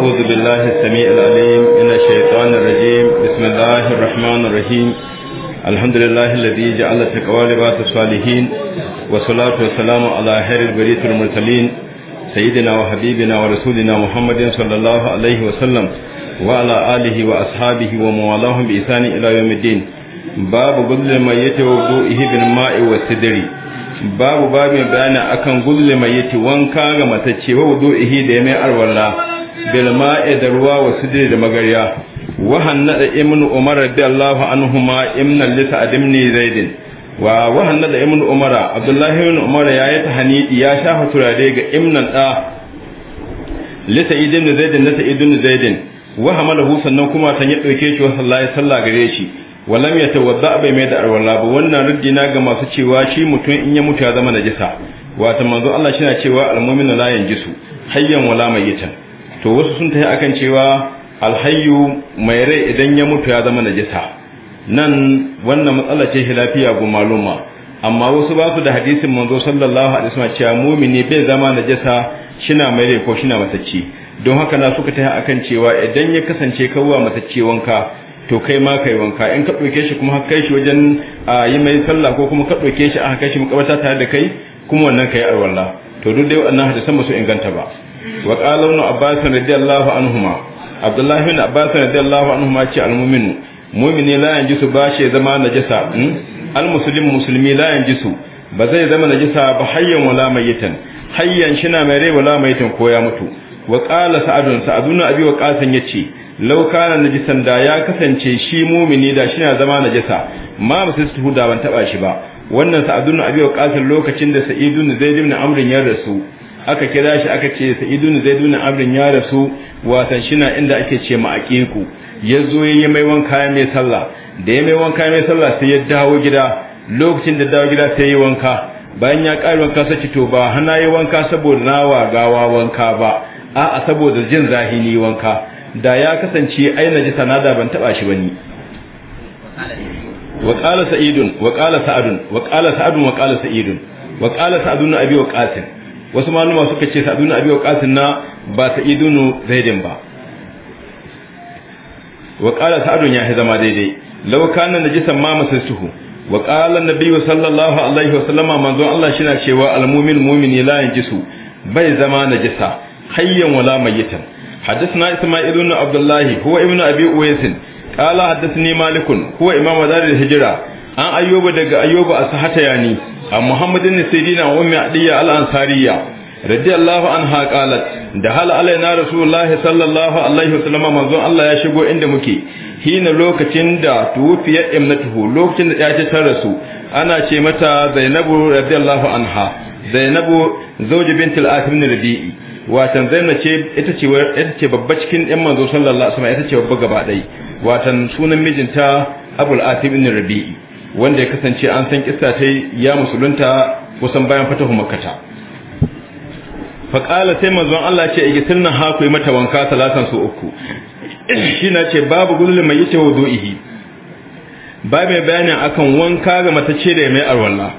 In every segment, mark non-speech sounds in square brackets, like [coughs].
أعوذ بالله السميع العليم من الشيطان الرجيم بسم الله الرحمن الرحيم الحمد لله الذي جعل التقوى لباس الصالحين والصلاة والسلام على خير البرية المرسلين سيدنا وحبيبنا ورسولنا محمد صلى الله عليه وسلم وعلى آله وأصحابه وموالاهم بإحسان إلى يوم الدين باب غزل الميت ووضوئه بالماء والسدر babu babin bayani akan guzle mai yati wanka ga matacce wa wudu'ihi da ya mai alwala bilma'i da ruwa wa sujudi da magarya wa hannada ibnu umar radiyallahu anhuma ibn lita adimni zaidin wa wa hannada ibnu umar abdullahi ibn umar yayi tahnidi ya shafa turare ga ibnan da lita idin zaidin lita idin zaidin wa hamalahu sannan kuma tan yi dauke shi wa sallallahu sallah gare shi walam yatawadda bai mai da arwala ba wannan ruddina ga masu cewa shi mutum in ya mutu ya zama najisa wato manzo Allah shi na cewa almu'minu la yanjisu hayyan wala mayyitan to wasu sun tafi akan cewa alhayyu mai rai idan ya mutu ya zama najisa nan wannan matsala ce hilafiya ga maluma amma wasu ba su da hadisin manzo sallallahu alaihi wasallam cewa mumini bai zama najisa shina mai rai ko shina matacci don haka na suka tafi akan cewa idan ya kasance kawwa matacci wanka to kai ma kai wanka in ka ɗauke shi kuma kai shi wajen yi mai sallah ko kuma ka ɗauke shi aka kai shi makabarta tare da kai kuma wannan kai arwalla to duk dai wannan hadisan ba su inganta ba وقال ابن عباس رضي الله عنهما abdullahi الله بن عباس رضي الله عنهما mu'mini المؤمن مؤمن ba ينجس zama زمان hmm? almuslim المسلم لا ba بزي زمان najasa ba ولا wala mayitan شنا مري mai rai wala mayitan ko ya mutu wa qala sa'adun sa'aduna abi wa qasan yace law kana da ya kasance shi mu'mini da shina zama najasa ma musu da ban taba shi ba wannan sa'adun abi wa qasan lokacin da sa'idun zaid ibn amr ya rasu aka kira shi aka ce sa'idun zaidun abdin ya rasu watan shina inda ake ce ma zo yazo yayi mai wanka mai sallah da yayi mai wanka mai sallah sai ya dawo gida lokacin da dawo gida sai yayi wanka bayan ya ƙari wanka sai to ba hana yayi wanka saboda nawa gawa wanka ba 'a saboda jin zahini wanka da ya kasance ai ji sanada ban taba shi bane wa qala sa'idun wa qala sa'adun wa qala sa'adun wa qala sa'idun wa qala sa'adun abi wa qatil wasu maluma suka ce sa'adu na abi waqas na ba sa'idu nu zaidin ba wa qala sa'adu ya zama daidai law kana najisan ma masasuhu wa qala an biyu sallallahu alaihi wa sallama manzon Allah shi na cewa al-mu'min ya layan jisu. bai zama na jisa hayyan wala mayyitan حدثنا إسماعيل بن عبد الله هو ابن أبي ne قال حدثني مالك هو إمام دار An عن daga ayyoba a أصحت يعني an muhammadin nisaidina wa ummi adiyya al-ansariya radiyallahu anha qalat da hal alaina rasulullahi sallallahu alaihi wasallam manzon Allah ya shigo inda muke hina lokacin da tuwfiyat imnatuhu lokacin da ya ta rasu ana ce mata zainabu radiyallahu anha zainabu zawji bintul asim rabi'i watan zainab ita ce babba cikin ɗan manzo sallallahu alaihi wasallam ita ce babba gaba watan sunan mijinta abul asim rabi'i wanda ya kasance an san kissa ta ya musulunta kusan bayan fatahu makkata faƙala sai manzon Allah ce a gitin ha ku yi mata wanka talatan su uku shi na ce babu gulli mai yace wudu'ihi Babu mai bayanin akan wanka ga ce da mai arwalla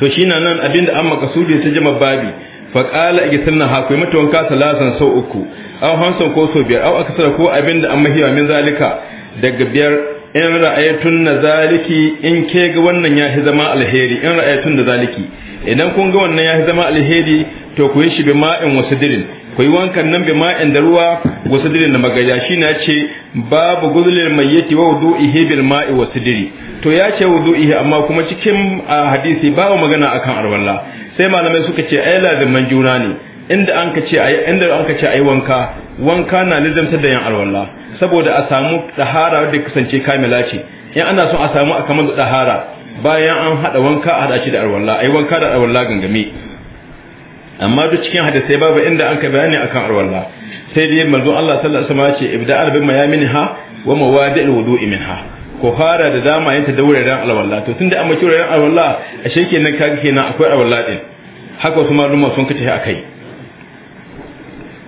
to shi na nan abinda an kasudi ta jima babi faƙala a gitin ha ku yi mata wanka talatan sau uku an hansan ko sau biyar au aksara ko abinda an hiya min zalika daga biyar in ra'ayatun na zaliki in ke ga wannan ya fi zama alheri in ra'ayatun da zaliki idan kun ga wannan ya fi zama alheri to ku yi shi bi ma'in wasu dirin ku yi wankan nan bi ma'in da ruwa wasu dirin da magaya shi na ce babu guzulin mai yake wa wudu ihe bil ma'i wasu diri to ya ce wudu ihe amma kuma cikin ah, hadisi babu magana akan arwalla sai malamai suka ce ai lazimman juna ne inda an ka ce ayi inda an ka ce ayi wanka wanka na lizamtar da yan alwala saboda a samu tahara da kasance kamila ce in ana son a samu da tahara bayan an hada wanka a hada shi da alwala ayi wanka da alwala gangame amma duk cikin hadisai babu inda an ka bayani akan alwala sai dai manzon Allah sallallahu alaihi wasallam ce ibda'al bi mayaminha wa mawadi'il wudu'i minha ko fara da dama yanta da wuraren alwala to tunda an mace wuraren alwala a shekenan kaga kenan akwai alwala din haka wasu maluma sun kace akai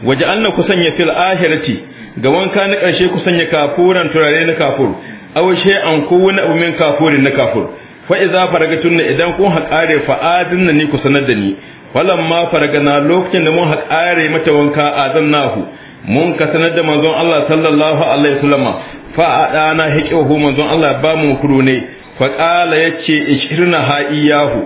waje allah ku sanya fil ahirati ga wanka na ƙarshe ku sanya kafuran turare na kafur aw an ku wani abu min kafurin na kafur fa idza faragatunna idan kun haƙare fa adinna ni ku sanar da ni faragana lokacin da mun haƙare mata wanka azannahu mun ka sanar da manzon Allah sallallahu alaihi wasallam fa adana hiqahu manzon Allah ba mu kuro ne fa qala yace ishirna ha iyahu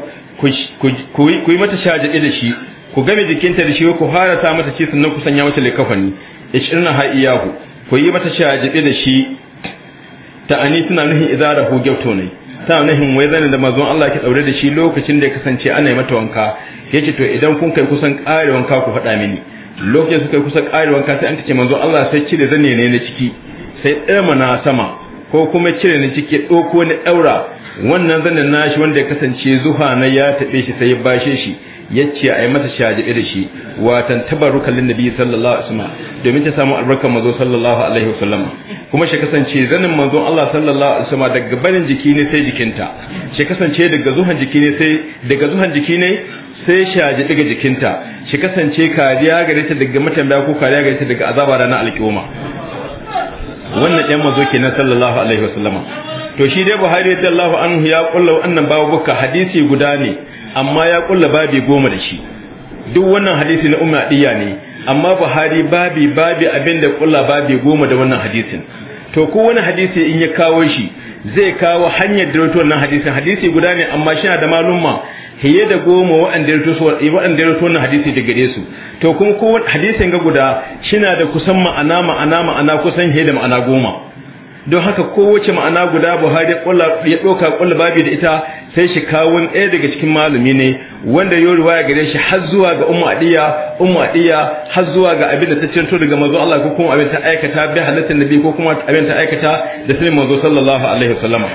ku yi mata shaje da shi ku game jikinta da shi ku harata mata ci sannan ku sanya mata likafani ishirna har iyahu ku yi mata shajibe da shi ta ani tana nuhin idara ku gyauto ne tana nuhin wai zanin da mazon Allah ke tsaure da shi lokacin da ya kasance ana yi mata wanka yace to idan kun kai kusan ƙare wanka ku faɗa mini lokacin suka kai kusan ƙare wanka sai an kace manzon Allah sai cire zane ne na ciki sai tsirma na sama ko kuma cire ni ciki ɗauko na ɗaura wannan zanin nashi wanda ya kasance zuha na ya taɓe shi sai ya bashe shi yace yi masa shajibi da shi watan tabarrukan linnabi sallallahu alaihi wasallam domin ta samu albarkar manzo sallallahu alaihi wasallam kuma shi kasance zanin manzo Allah sallallahu alaihi wasallam daga barin jiki ne sai jikinta shi kasance daga zuhan jiki ne sai daga zuhan jiki ne sai shaji daga jikinta shi kasance kariya gare ta daga matambaya ko kariya gare ta daga azaba ranar alkiyoma wannan ɗan mazo kenan sallallahu alaihi wasallam to shi dai Buhari radiyallahu anhu ya kulla wannan babu buka hadisi guda ne amma ya kulla babi goma da shi duk wannan hadisi na umma diya ne amma buhari babi babi abinda kulla babi goma da wannan hadisin to ko wani hadisi in ya kawo shi zai kawo hanyar da rawaito wannan hadisin hadisi guda ne amma shi da malumma hiye da goma waɗanda rawaito wannan hadisi da gare su to kuma ko hadisin ga guda shi na da kusan ma'ana ma'ana ma'ana kusan hiye da ma'ana goma don haka kowace ma'ana guda buhari ya ɗauka ƙulla babi da ita sai shi kawun ɗaya daga cikin malami ne wanda yau riwaya gare shi har zuwa ga ummu adiya adiya har zuwa ga abin da ta cinto daga manzo Allah ko kuma abin ta aikata bi halatta nabi ko kuma abin ta aikata da sai manzo sallallahu alaihi wasallama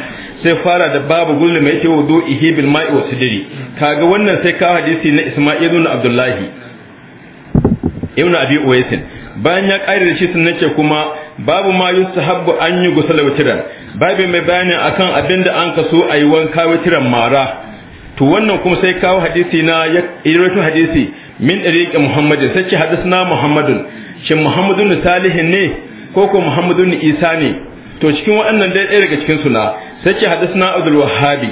sai fara da babu gulli mai yake wudu ihi bil ma'i wa sidri kaga wannan sai ka hadisi na Isma'il ibn Abdullahi ibn Abi Uwaisin bayan ya ƙare da shi sun ce kuma babu ma yustahabbu an yi gusala witiran babu mai bayani akan abinda an kaso ayi wanka witiran mara to wannan kuma sai kawo hadisi na ya hadisi min dariqi muhammadin sai ce hadisna muhammadun shin muhammadun salihin ne ko ko muhammadun isa ne to cikin waɗannan dai ɗaya daga cikin suna sai ce hadisna abdul wahhabi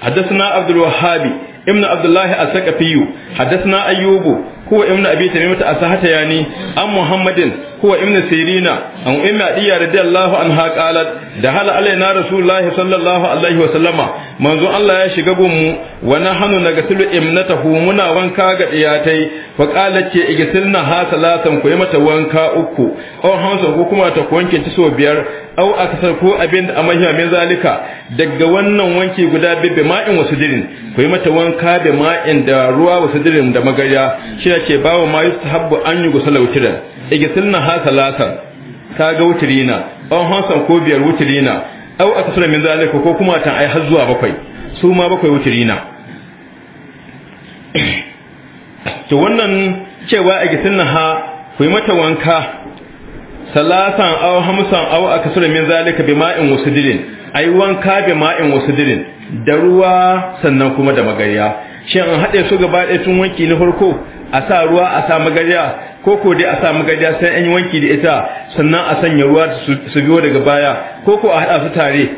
hadisna abdul wahhabi ibnu abdullahi as-saqafi hadisna ayyubu ko ibnu abi tamimah asahata yani an muhammadin huwa imna sirina an da diya radiyallahu anha qalat da hal alaina rasulullah sallallahu alaihi wa manzo Allah ya shiga gunmu wa nahnu nagsilu imnatahu muna wanka ga diyatai fa qalat ce igsilna ha salatan ku yi mata wanka uku aw hamsa ko kuma ta wanke ci so biyar aw aksar ko abin da amahiya min zalika daga wannan wanki guda bibbe ma'in wasu dirin ku yi mata wanka da ma'in da ruwa wasu dirin da magarya shi ce bawo ma yustahabbu an yi gusala wutiran ha salatan ka ga wutirina an hasan ko biyar wutirina au aksara min zalika ko kuma tan ai har zuwa bakwai su ma bakwai wutirina to wannan cewa a gitin ha ku yi mata wanka salatan au hamsan a aksara min zalika ma'in wasudirin ai wanka ma'in wasudirin da ruwa sannan kuma da magarya. shin an haɗe su gaba ɗaya tun wanki na farko a sa ruwa a sa magaja ko ko dai a sa magaja sai an yi wanki da ita sannan a sanya ruwa su biyo daga baya ko ko a haɗa su tare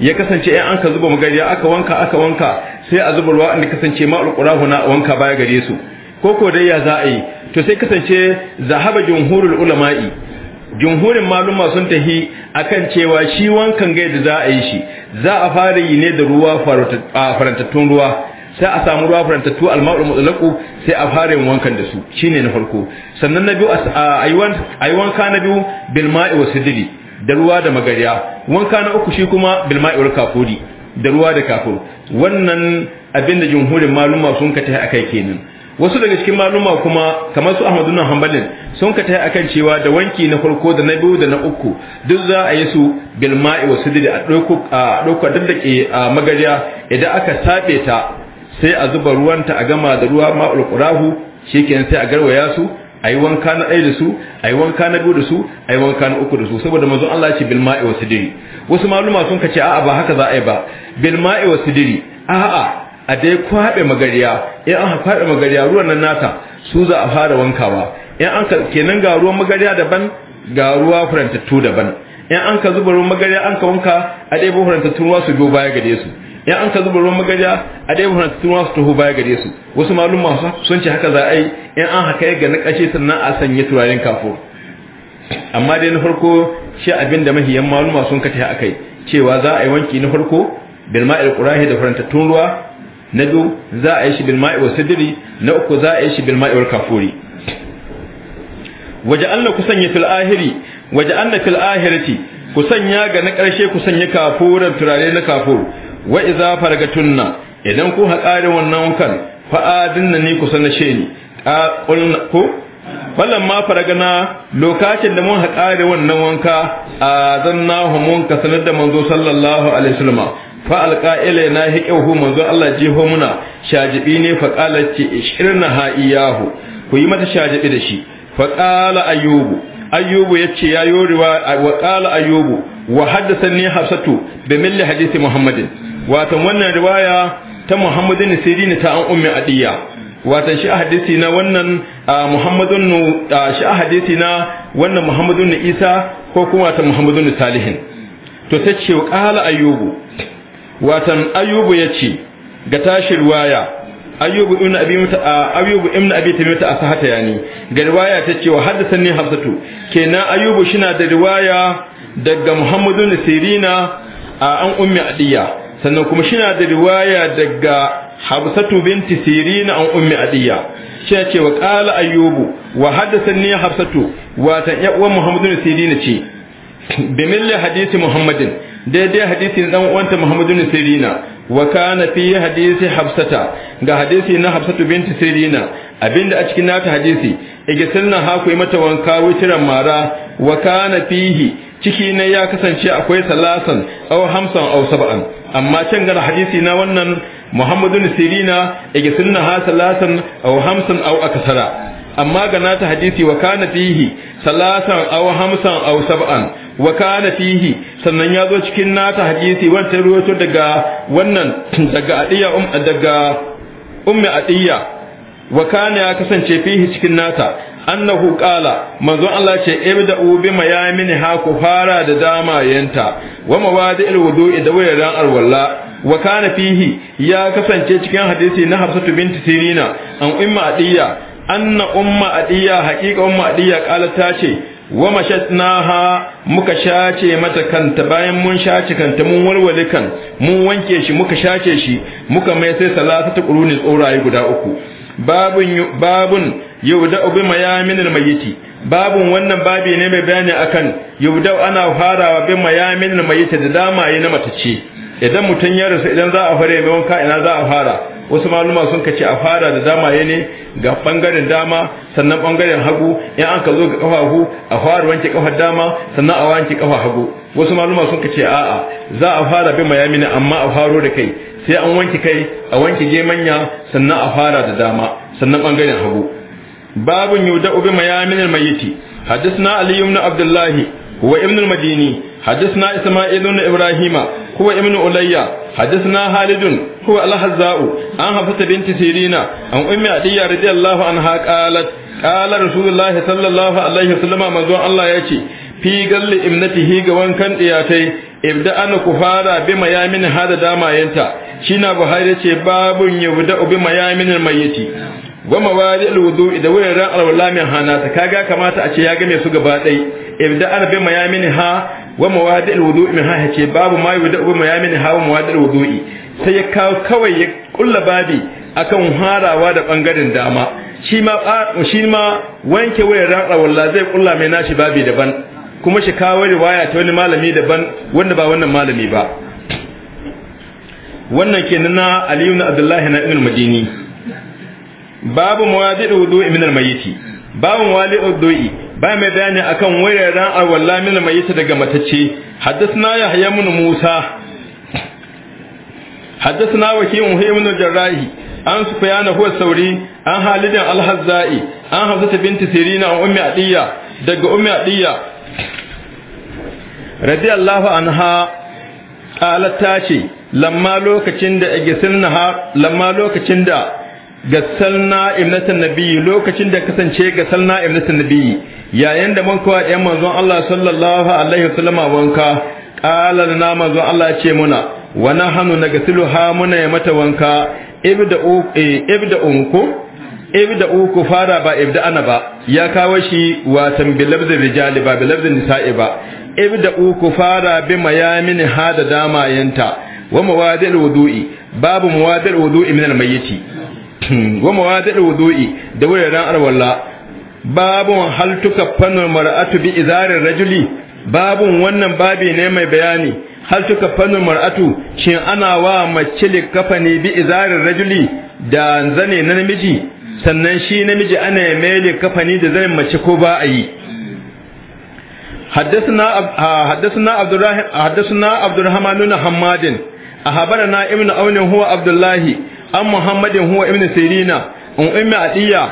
ya kasance in an ka zuba magaja aka wanka aka wanka sai a zuba ruwa inda kasance ma alqurahu na wanka baya gare su ko ko dai ya za a yi to sai kasance zahaba jumhurul ulama'i jumhurin maluma sun tahi akan cewa shi wankan gai da za a yi shi za a fara yi ne da ruwa farantattun ruwa sai a samu ruwa farantattu alma'ul mutlaqu sai a fara yin wankan da su shine na farko sannan na biyu ayuwan wanka na biyu bil ma'i wa sidri da ruwa da magariya wanka na uku shi kuma bil ma'i wa kafuri da ruwa da kafur wannan abinda jumhurin maluma sun ka akai kenan wasu daga cikin maluma kuma kamar su Ahmadu bin Hanbali sun ka akan cewa da wanki na farko da na biyu da na uku duk za a yi su bil ma'i wa sidri a dauko a dauko daddake magariya idan aka sabe ta sai a zuba ruwanta a gama da ruwa ma'ul qurahu shikenan sai a garwaya su ayi wanka na ɗaya da su ayi wanka na biyu da su ayi wanka na uku da su saboda manzon Allah ya ce bil ma'i wasidiri wasu maluma sun kace a'a ba haka za a yi ba bil ma'i wasidiri a'a a dai kwabe magariya in an kwabe magariya ruwan nan nata su za a fara wankawa in an ka kenan ga ruwan magariya daban ga ruwa furantattu daban in an ka zuba ruwan magariya an ka wanka a dai bu furantattu ruwa su biyo baya gare su in an ka zuba ruwan magarya a dai wannan tuwa su taho baya gare su wasu masu sun ce haka za a yi in an haka ga na kashe sannan a sanya turaren kafo amma dai na farko shi abinda mahiyan maluma sun kace a kai cewa za a yi wanki na farko bil ma'il qurahi da farantattun ruwa na biyu za a yi shi bil ma'i wasidri na uku za a yi shi bil ma'i kafuri waje Allah ku sanya fil ahiri waje Allah fil ahirati ku sanya ga na karshe ku sanya kafuran turare na kafur wa iza fargatunna idan ku haƙarin wannan wukan fa na ni kusa na she ni ku wannan ma fargana lokacin da mun haƙari wannan wanka a zanna mun ka sanar da manzo sallallahu alaihi wasallam fa alqa'ila na hiqahu manzo Allah jiho muna shajibi ne fa qalat ci ishirna ha'iyahu ku yi mata shajibi da shi fa qala ayyubu ayyubu yace ya yoriwa wa qala ayyubu wa haddathani hafsatu bi milli hadisi muhammadin watan wannan riwaya ta muhammadin ne ta an ummi adiya watan shi a hadisi na wannan Muhammadu shi hadisi na wannan muhammadun isa ko kuma ta muhammadun salihin to ta ce kala ayyubu watan ayyubu ya ce ga tashi riwaya ayyubu ibn abi a ayyubu ibn abi tamita asahata yani ga riwaya ta ce wa haddathani hafsatu kenan ayyubu shina da riwaya daga muhammadun sirina an ummi adiya sannan kuma shi na da riwaya daga habsatu binti sirin an ummi adiya shi ce wa qala ayyubu wa haddathani habsatu wa yawan muhammadu sirin ce bi milli hadisi muhammadin daidai hadisin dan uwanta muhammadu sirina wa kana fi hadisi habsata ga hadisi na habsatu binti sirina abinda a cikin nata hadisi sunna ha ku mata wanka wutiran mara wa kana fihi ciki ne ya kasance akwai salasan aw hamsan aw sab'an amma can gara hadisi na wannan muhammadun sirina ege sunna ha salatan au hamsin au akasara, amma ga nata hadisi wa kana fihi salatan au hamsin au sab'an wa kana fihi sannan ya zo cikin nata hadisi wata ruwato daga wannan daga adiya um daga ummi adiya wa kana ya kasance fihi cikin nata annahu qala manzon Allah ce ibda'u bi mayamin ha ku fara da dama yanta wa mawadi'il wudu'i da wuraren alwala wa kana fihi ya kasance cikin hadisi na Hafsatu binti Sirina an umma adiya anna umma adiya haqiqa umma adiya qala ta ce wa mashatnaha muka shace mata kanta bayan mun shace kanta mun walwale kan mun wanke shi muka shace shi muka mai sai salatu quruni tsoraye guda uku babun babun yubda bi mayaminil mayyiti babun wannan babi ne mai bayani akan yubda ana farawa bi mayaminil mayyiti da damaye na matace idan mutun ya rasu idan za a fara mai wanka ina za a fara wasu maluma sun kace a fara da damaye ne ga bangaren dama sannan bangaren hagu in an ka zo ga kafafu a fara wanke kafar dama sannan a wanke kafa hagu wasu maluma sun kace a'a za a fara bi mayamin amma a faro da kai sai an wanke kai a wanke gemanya sannan a fara da dama sannan bangaren hagu باب يبدأ بميامن الميت حدثنا علي بن عبد الله هو ابن المديني حدثنا اسماعيل بن ابراهيم هو ابن أولية حدثنا خالد هو الحزاء عن حفصة بنت سيرين عن أم عدي رضي الله عنها قالت قال رسول الله صلى الله عليه وسلم ما منذ الله يأتي في galli ابنته ga wankan diyatai ibda ana ku fara bi mayamin hada damayenta shina buhari ce babun yabda bi mayamin mayyiti wa mawadi alwudu da wuraren alwala min hanata kaga kamata a ce ya game su gaba dai ibda an bi mayamin ha wa mawadi alwudu min ha ce babu mai wudu bi mayamin ha wa mawadi alwudu sai ya kawo kawai ya kulla babi akan harawa da bangaren dama shi ma shi ma wanke wuraren alwala zai kulla mai nashi babi daban kuma shi kawo riwaya ta wani malami daban wanda ba wannan malami ba wannan kenan na Aliyu na Abdullahi na Ibn Madini babu mawadi'u wudu'i min al-mayyiti babu mawadi'u wudu'i ba mai bayani akan wuraren alwala min al-mayyiti daga matacce haddathna yahya ibn musa haddathna waki'un ibn al-jarrahi an sufyan huwa sauri an halidin al-hazzai an hazata binti sirina an ummi adiya daga ummi adiya radiyallahu anha qalat ta ce lamma lokacin da igisilna lamma lokacin da Ga salna ibnatan nabiyyi lokacin da kasance ga salna ibnatan nabiyyi yayin da mun kawai ɗan manzon Allah sallallahu alaihi wasallama wanka qala lana manzon Allah ya ce muna wa nahnu ha muna ya mata wanka ibda'u eh, ibda'u ku ibda'u ku fara ba ana ba ya kawo shi watan bilabzin rijali ba bilabzin nisa'i ba ibda'u ku fara bi mayamin hada yanta wa mawadil wudu'i babu mawadil wudu'i min al-mayyiti wa mawadil wudu'i da wuraren arwalla babun hal tukaffanul mar'atu bi izarir rajuli babun wannan babi ne mai bayani hal tukaffanul mar'atu shin ana wa mace likafani bi izarir rajuli da zane na namiji sannan shi namiji ana mai likafani da zane mace ko ba a yi حدثنا حدثنا Abdurrahman الرحمن حدثنا عبد الرحمن بن حماد أخبرنا ابن أون هو عبد الله an muhammadin huwa ibn sirina an ummi adiya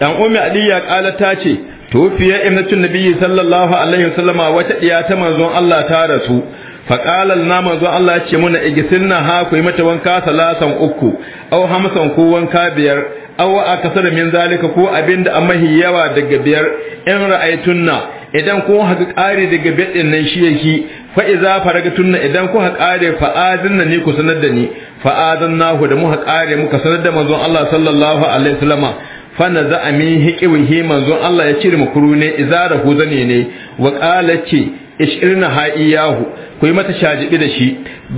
an ummi adiya kala ta ce tofiya ibnatun nabiyyi sallallahu alaihi wasallam wata diya ta manzon Allah ta rasu fa qala lana manzon Allah ce muna igisinna ha ku yi mata wanka salasan uku aw hamsan ko wanka biyar aw akasara min zalika ko abinda amahi yawa daga biyar in ra'aytunna idan kun haka kare daga biyar din nan shi yake fa iza faragatunna tunna idan kun haka kare fa azinna ni ku sanar da ni fa'adannahu da muka kare muka sanar da manzon Allah sallallahu alaihi wasallama fa naza amin hiqihi manzon Allah ya cire makuru ne izara hu zane ne wa qala ce ishirna ha'iyahu ku yi mata shajibi da shi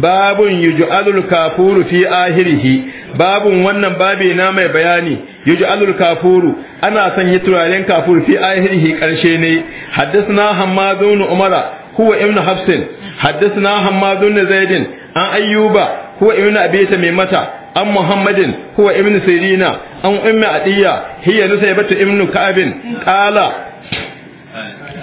babun yuj'alul kafuru fi ahirihi babun wannan babe na mai bayani yuj'alul kafuru ana sanya turaren kafuru fi ahirihi karshe ne haddathna hammadun umara huwa ibn hafsin haddathna hammadun zaidin an ayyuba huwa ibnu abi mata an muhammadin huwa ibnu sirina an ummi adiya hiya nusaybatu ibnu ka'abin qala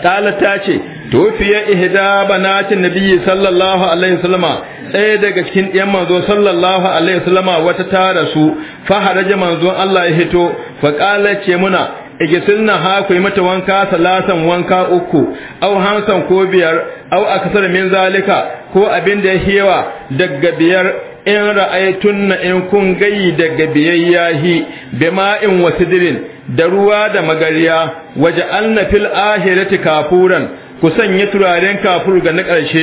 qala tace tofiya ihda banatin nabiyyi sallallahu alaihi wasallama ɗaya daga cikin ɗiyan manzo sallallahu alaihi wasallama wata tara su, fa haraja manzo Allah ya hito fa qala ce muna igisinna ha ku mata wanka salasan wanka uku au hamsan ko biyar au aksar min zalika ko abin da ya hewa daga biyar in ra'aytunna in kun gayi daga biyayyahi bima'in wasidirin da ruwa da magariya waje na fil ahirati kafuran ku sanya turaren kafur ga na ƙarshe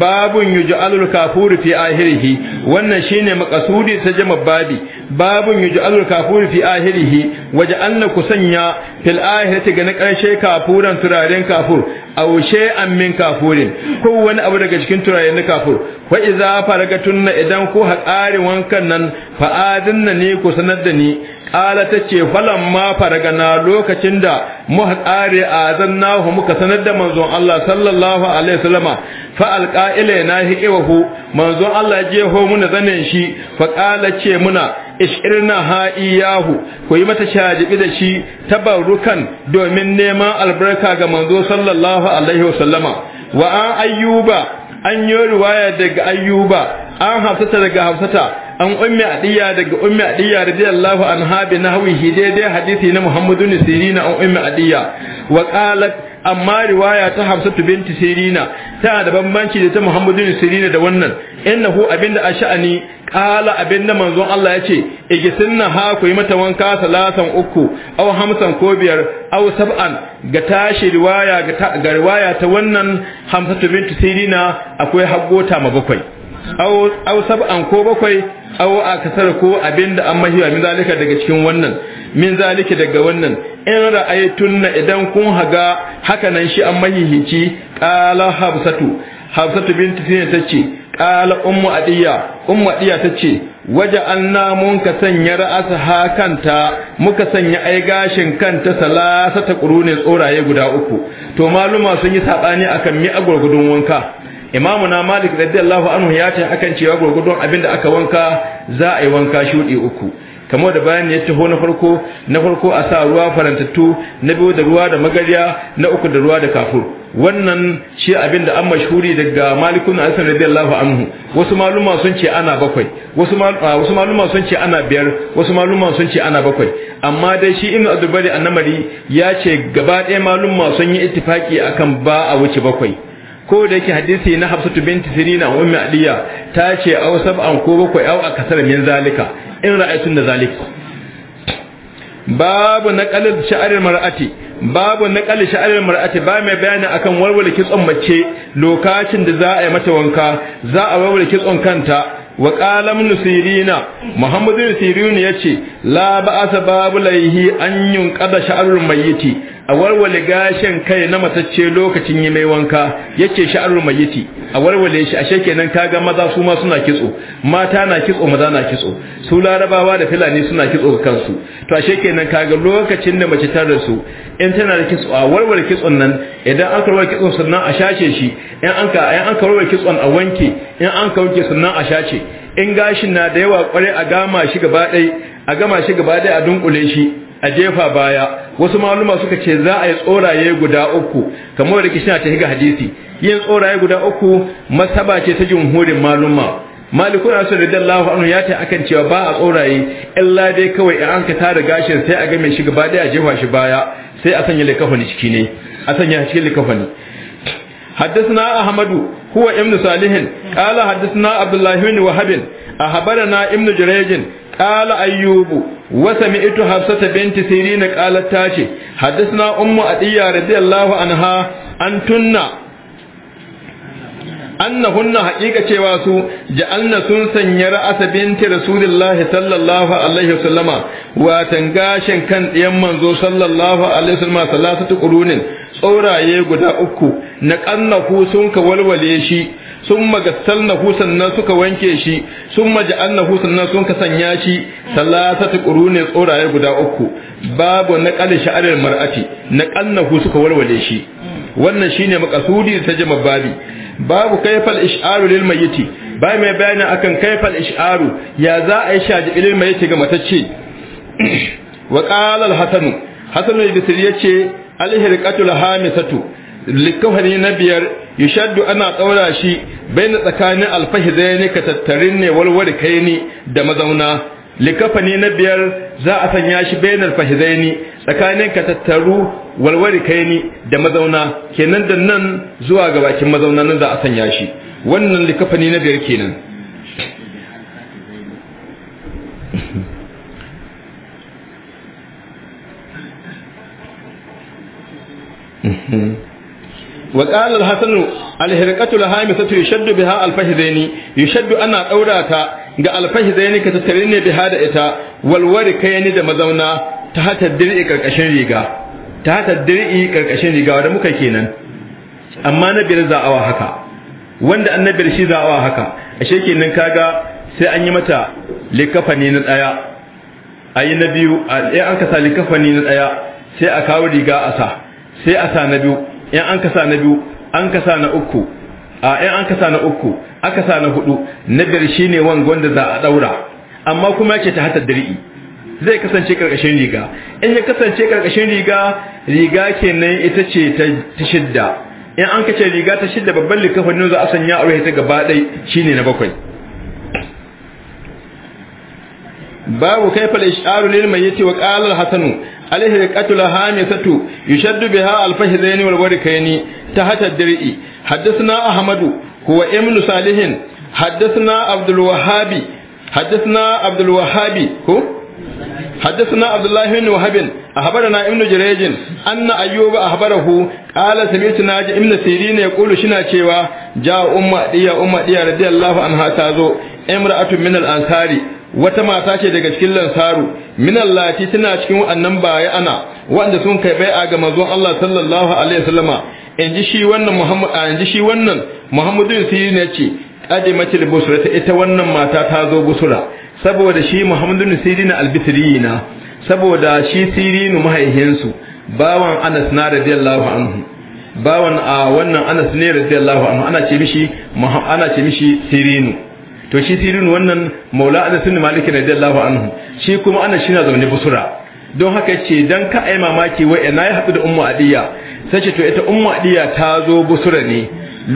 babun yuj'alul kafuru fi ahirihi wannan shine makasudi ta jama babi babun yuj'alul kafuru fi ahirihi waja'alna ku sanya fil ahirati ga na ƙarshe kafuran turaren kafur aw shay'an min kafurin ko wani abu daga cikin turaren na kafur fa idza faragatunna idan ku haƙarin wankan nan fa adinna ne ku sanar da ni ƙala ta ce falan ma faragana lokacin da muka ƙare a zannahu muka sanar da manzon Allah sallallahu alaihi wasallama fa alqa na hiwahu manzon Allah je ho muna zanen shi fa ƙala ce muna ishirna ha'iyahu ku yi mata shajibi da shi tabarukan domin neman albarka ga manzo sallallahu alaihi wasallama wa an ayyuba an yi riwaya daga ayyuba an hafsata daga hafsata an ummi adiya daga ummi adiya radiyallahu anha bi nahwihi daidai hadisi na muhammadu ni sirina an ummi adiya wa qalat amma riwaya ta hamsatu binti sirina tana da bambanci da ta muhammadu ni sirina da wannan innahu abinda ash'ani qala abinda manzon Allah yace igisinna ha ku yi mata wanka salatan uku aw hamsan ko biyar aw sab'an ga tashi riwaya ga riwaya ta wannan hamsatu binti sirina akwai haggota ma bakwai aw sab'an ko bakwai aw akasar ko abinda an mahiya min zalika daga cikin wannan min zalika daga wannan in ra'aytunna idan kun haga hakanan shi an mahihici qala habsatu habsatu binti sina tace qala ummu adiya ummu adiya tace waje anna mun ka sanya ra'asa hakanta muka sanya ai gashin kanta salasa salasata qurunin tsoraye guda uku to maluma sun yi sabani akan mi agurgudun wanka imamu na malik radiyallahu anhu ya ce akan cewa gurgudun abinda aka wanka za a yi wanka shudi uku kamo da bayan ya taho na farko na farko a sa ruwa farantattu na biyu da ruwa da magarya na uku da ruwa da kafur wannan shi abin da an mashhuri daga malikun asan radiyallahu anhu wasu maluma sun ce ana bakwai wasu wasu maluma sun ce ana biyar wasu maluma sun ce ana bakwai amma dai shi ibnu adubari annamari ya ce gaba ɗaya maluma sun yi ittifaki akan ba a wuce bakwai ko da yake hadisi na Hafsatu binti Sirina Ummu Aliya ta ce aw sab'an ko bakwai aw akasar min zalika in ra'aytun da zalika babu naqalil sha'ril mar'ati babu naqalil sha'ril mar'ati ba mai bayani akan warware kitson mace lokacin da za a yi mata wanka za a warware kitson kanta wa ƙalam nusirina muhammadu Sirina yace la ba'asa babu laihi an yunqada ƙada sha'arul mayyiti a warware gashin kai na matacce lokacin yi mai wanka yace sha'arul mayyiti a warware shi ashe kenan kaga maza su ma suna kitso mata na kitso maza na kitso su larabawa da filani suna kitso ga kansu to ashe kenan kaga lokacin da mace ta rasu in tana da kitso a warware kitson nan idan an karwa kitson sannan a shace shi in an ka in an karwa kitson a wanke in an ka wanke sannan a shace in gashin na da yawa kware a gama shi gaba ɗaya a gama shi gaba dai a dunkule shi a jefa baya wasu maluma suka ce za a yi tsoraye guda uku kamar da kishina ta higa hadisi yin tsoraye guda uku masaba ce ta jumhurin maluma malikun asu radiyallahu anhu ya ta akan cewa ba a tsoraye illa dai kawai in an ka tara gashin sai a ga mai shi dai a jefa shi baya sai a sanya likafani ciki ne a sanya cikin likafani حدثنا أحمد هو ابن صالح قال حدثنا عبد الله بن وهب أخبرنا ابن جريج قال أيوب وسمعت حفصة بنت سيرين قالت تاشي حدثنا أم أدية رضي الله عنها أنتن أنهن حقيقة واسو جعلنا سنسن يرأس بنت رسول الله صلى الله عليه وسلم وتنقاشا كان يمنزو صلى الله عليه وسلم ثلاثة قرون tsauraye guda uku na ƙannahu sun sun magastal na nan suka wanke shi sun an na nan sun kasanya sanya shi salasatu ne tsoraye guda uku babu na naqal sha'arar mar'ati husu suka warware shi wannan shi ne makasudi ta jama babi babu kaifal ish'aru lil mayiti bai mai bayani akan kaifal ish'aru ya za a yi shaji lil mayiti ga matacce [coughs] wa qala al hasan hasan al-bisri yace al-hirqatu al-hamisatu likawhani nabiyar yushaddu ana tsaura shi na tsakanin alfahizaini ka tattarin ne walwari kaini da mazauna likafani na biyar za a sanya shi bai baina alfahizaini tsakanin ka tattaru walwari kaini da mazauna kenan da nan zuwa ga bakin mazauna nan za a sanya shi wannan likafani na biyar kenan Mm-hmm. [laughs] wa qala al-hasan al-hirqatu biha al-fahdaini ana daura ga al-fahdaini ka tattare biha da ita walwari kayani da mazauna ta hata dir'i karkashin riga ta hata dir'i karkashin riga wanda muka kenan amma na biyar za'awa haka wanda annabiyar shi za'awa haka ashe kenan kaga sai an yi mata likafani na daya ayi na biyu an kasa likafani na daya sai a kawo riga a sai asa na biyu in an kasa na biyu an kasa na uku a in an kasa na uku aka sa na hudu na biyar shine wangon da za a daura amma kuma ce ta hatar dari'i. zai kasance karkashin riga in ya kasance karkashin riga riga kenan ita ce ta shidda in an kace riga ta shidda babban likafanin za a sanya a rufe ta gaba dai shine na bakwai babu kaifa al-ish'aru lil mayyiti wa qala al-hasanu alaihi qatla hamisatu yushaddu biha alfahdaini walwarikaini tahatad dir'i haddathna ahmadu huwa ibn salihin haddathna abdul wahhabi haddathna abdul wahhabi hu حدثنا عبد الله بن وهب اخبرنا ابن جريج ان ايوب اخبره قال سمعت ناج ابن سيرين يقول شنا چوا جاء امه ديا امه ديا رضي الله عنها تازو امراه من الانصاري wata mata ce daga cikin lansaru allati tana cikin wa'annan baya ana wanda sun kai bai'a ga manzon Allah sallallahu alaihi wasallama inji shi wannan Muhammad inji shi wannan Muhammadu sirri ne ce al busra ta ita wannan mata ta zo busra saboda shi Muhammadu Yusuf albisriyina saboda shi sirinu mahaihinsu bawan Anas na radiyallahu anhu bawan a wannan Anas ne radiyallahu anhu ana ce mishi ana ce mishi sirinu to shi sirin wannan maula anas bin malik radiyallahu anhu shi kuma ana shi na zaune busura don haka ce dan ka ai mamaki wai ina ya hadu da ummu adiya sai ce to ita ummu adiya ta zo busura ne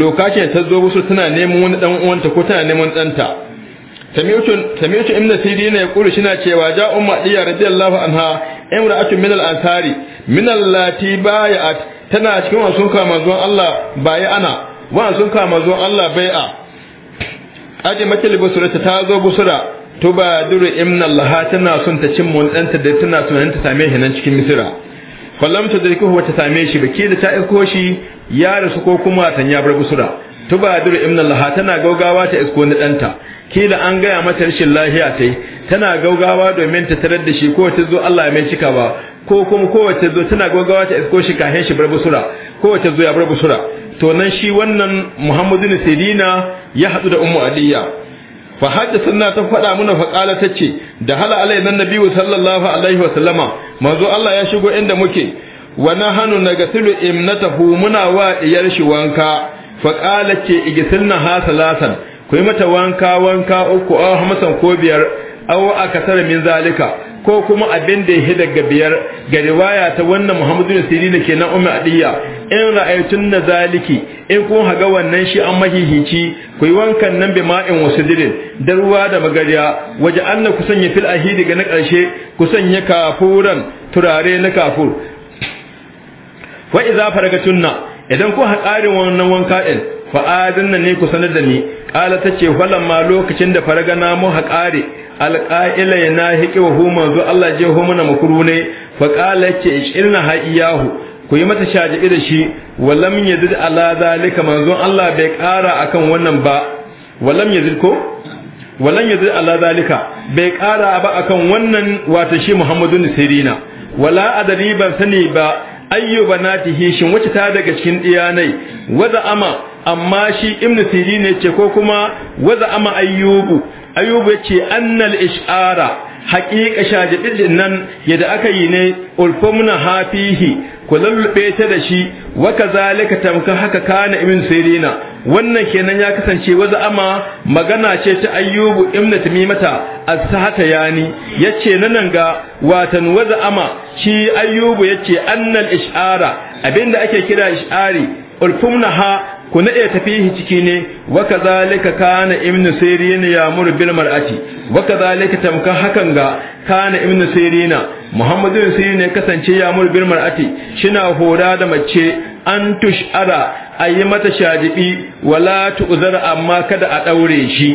lokacin ta zo busura tana neman wani dan uwanta ko tana neman danta samiyutu ibn ne ya kuri na cewa ja ummu adiya radiyallahu anha imra'atun min al-ansari min allati bayat tana cikin wasu kama zuwan Allah bayi ana wa sun kama zuwan Allah bai'a ajimatul busrata ta zo busura, ba duru imna Allah tana son ta cin mun da tana tunanin ta same shi nan cikin misira Kullum ta dirku wata same shi baki da ta isko shi ya rasu ko kuma tan ya bar ba duru imna Allah tana gaugawa ta isko ni danta kila an gaya mata rashin lafiya tai tana gaugawa domin ta tarar da shi ko ta zo Allah ya mai cika ba ko kuma kowace zo tana gaugawa ta isko shi kahin shi bar busura kowace zo ya bar busura to nan shi wannan muhammadu sirina ya haɗu da umu aliyya fa hajji suna ta faɗa muna faƙala ta ce da hala alai nan biyu sallallahu alaihi wa sallama Allah ya shigo inda muke Wani hannu na nahanu nagasilu imnatahu muna wa iyar shi wanka faƙala ce ce igisilna ha salasan ku yi mata wanka wanka uku a hamasan ko biyar a kasar min zalika ko kuma abin da yake daga biyar ga riwaya ta wannan Muhammadu bin Sirin kenan Ummu Adiyya in ra'aytun na zaliki in kun haga wannan shi an mahihici ku yi wankan nan bi ma'in wasu da ruwa da magariya waje Allah ku sanya fil ahidi ga na karshe ku sanya kafuran turare na kafur wa idza faragatunna idan ku haƙarin wannan wanka din fa adin nan ne ku sanar da ni qala tace falamma lokacin da fargana mu haƙare alqaila yana hiƙi wa hu manzo Allah je hu mana makuru ne fa qala ce ishirna ha iyahu ku yi mata shaji'i da shi walam yazid ala zalika manzo Allah bai ƙara akan wannan ba walam yazid ko walam yazid ala zalika bai ƙara ba akan wannan wato shi Muhammadu Sirina wala adari ban sani ba ayyuba natihi shin wace ta daga cikin diyanai waza ama amma shi ibn sirin ne ko kuma waza ama ayyubu ayyubu yace annal ish'ara haƙiƙa shajidin nan yadda aka yi ne ulfumna hafihi ku lullube ta da shi wa zalika tamka haka kana ibn sirina wannan kenan ya kasance waza ama magana ce ta ayyubu ibn tamimata as-sahata yani yace nan ga watan waza ama shi ayyubu yace annal ish'ara abinda ake kira ish'ari ulfumnaha ku nade tafihi ciki ne wa kazalika kana ibnu sirin mur bil mar'ati wa kazalika tamka hakan ga kana ibnu sirin muhammadu sirin ne kasance ya mur bil mar'ati shina hora da mace an tushara ayi mata shadibi wala tu'zara amma kada a daure shi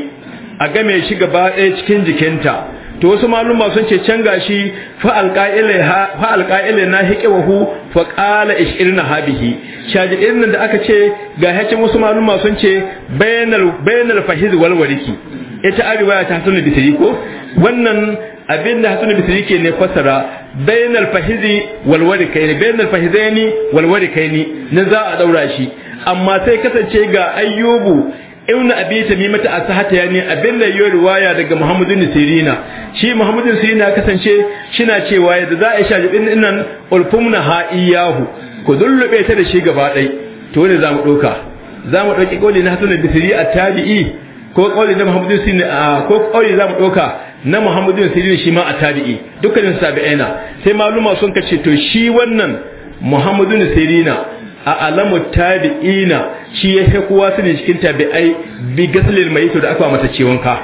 a game shi gaba ɗaya cikin jikinta to wasu malumma sun ce can gashi fa alqa'ila na hiqawahu fa qala ishirna habihi shaji irin da aka ce ga hace wasu malumma sun ce bainal bainal fahiz wal wariki ita ariwaya ta sunu bitri ko wannan abin da hasanu bisiri ke ne fasara bainal fahizi wal warikaini bainal fahizaini wal warikaini na za a daura shi amma sai kasance ga ayyubu ibnu abi tamimata asahata yani abin da yayi riwaya daga muhammad bin sirina shi muhammad bin sirina kasance shina cewa yadda za a shaji din nan ulfumna ha iyahu ku dullube ta da shi gaba dai to ne zamu doka zamu doki kauli na hasan bin bisri at-tabi'i ko kauli na muhammad bin sirina ko kauli zamu doka na muhammad bin sirina shi ma at-tabi'i dukkanin sabi'ina sai maluma sun kace to shi wannan muhammad bin sirina a alamu tabi'ina shi ya fi kowa su ne cikin tabi'ai bi gasalin mai da aka mata ciwon ka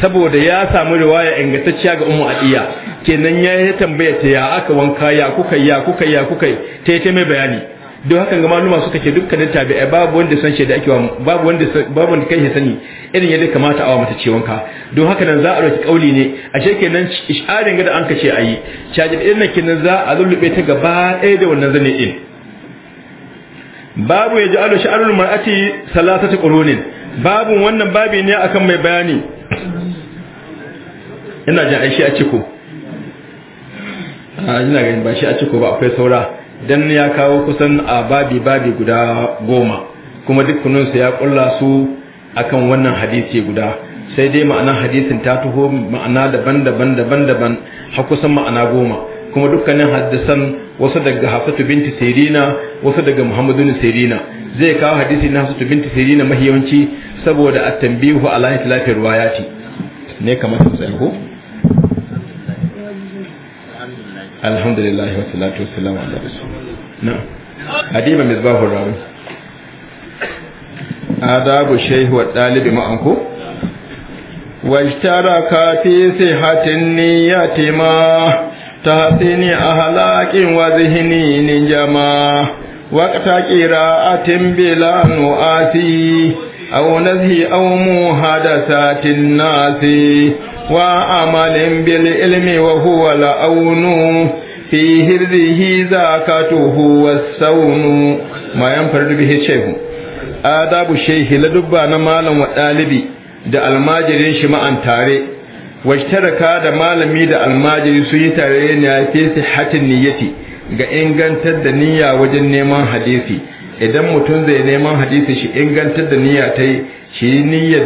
saboda ya samu riwaya ingantacciya ga umu adiya kenan ya yi tambaya ta ya aka wanka ya kuka ya kuka ya kuka ta yi ta mai bayani don hakan ga maluma suka ke dukkanin tabi'ai babu wanda san shi da ake babu wanda babu wanda kai sani irin yadda kamata a mata ciwon ka? don haka nan za a roki kauli ne a kenan isharin ga da an kace ayi caji irin nan kenan za a lullube ta gaba ɗaya da wannan zane din babu ya ji alu sha'arul mar'ati salatati qurunin babu wannan babi ne akan mai bayani ina jin aishi a ciko a ah, ina ganin ba shi a ciko ba akwai saura dan ya kawo kusan a babi babi guda goma kuma dukkaninsu ya kulla su akan wannan hadisi guda sai dai ma'anar hadisin ta taho ma'ana daban-daban daban-daban har kusan ma'ana goma kuma dukkanin haddasan wasu daga hafsatu binti sirina wasu daga muhammadu sirina zai kawo hadisi na hafsatu binti sirina mahiyawanci saboda at-tanbihu ala itlafi riwayati ne kamar sun tsaya ko alhamdulillah wa salatu wa salam ala rasulillah na hadiba misbahur rawi adabu shaykh wa dalibi ma'anku واشترك في صحة النية ما تحسين أهلاك وذهنين جما وقت قراءة بلا نؤاسي أو نزه أو محادثات الناس وعمل بالعلم وهو الأون في هرذه زاكته والسون ما ينفرد به الشيخ آداب الشيخ لدبان مالا وآلبي da almajirin shi ma'an tare washtaraka da malami da almajiri sun yi tare ne fi hatin niyyati ga ingantar da niyya wajen neman hadisi idan mutum zai neman hadisi shi ingantar da niyya ta shi niyyar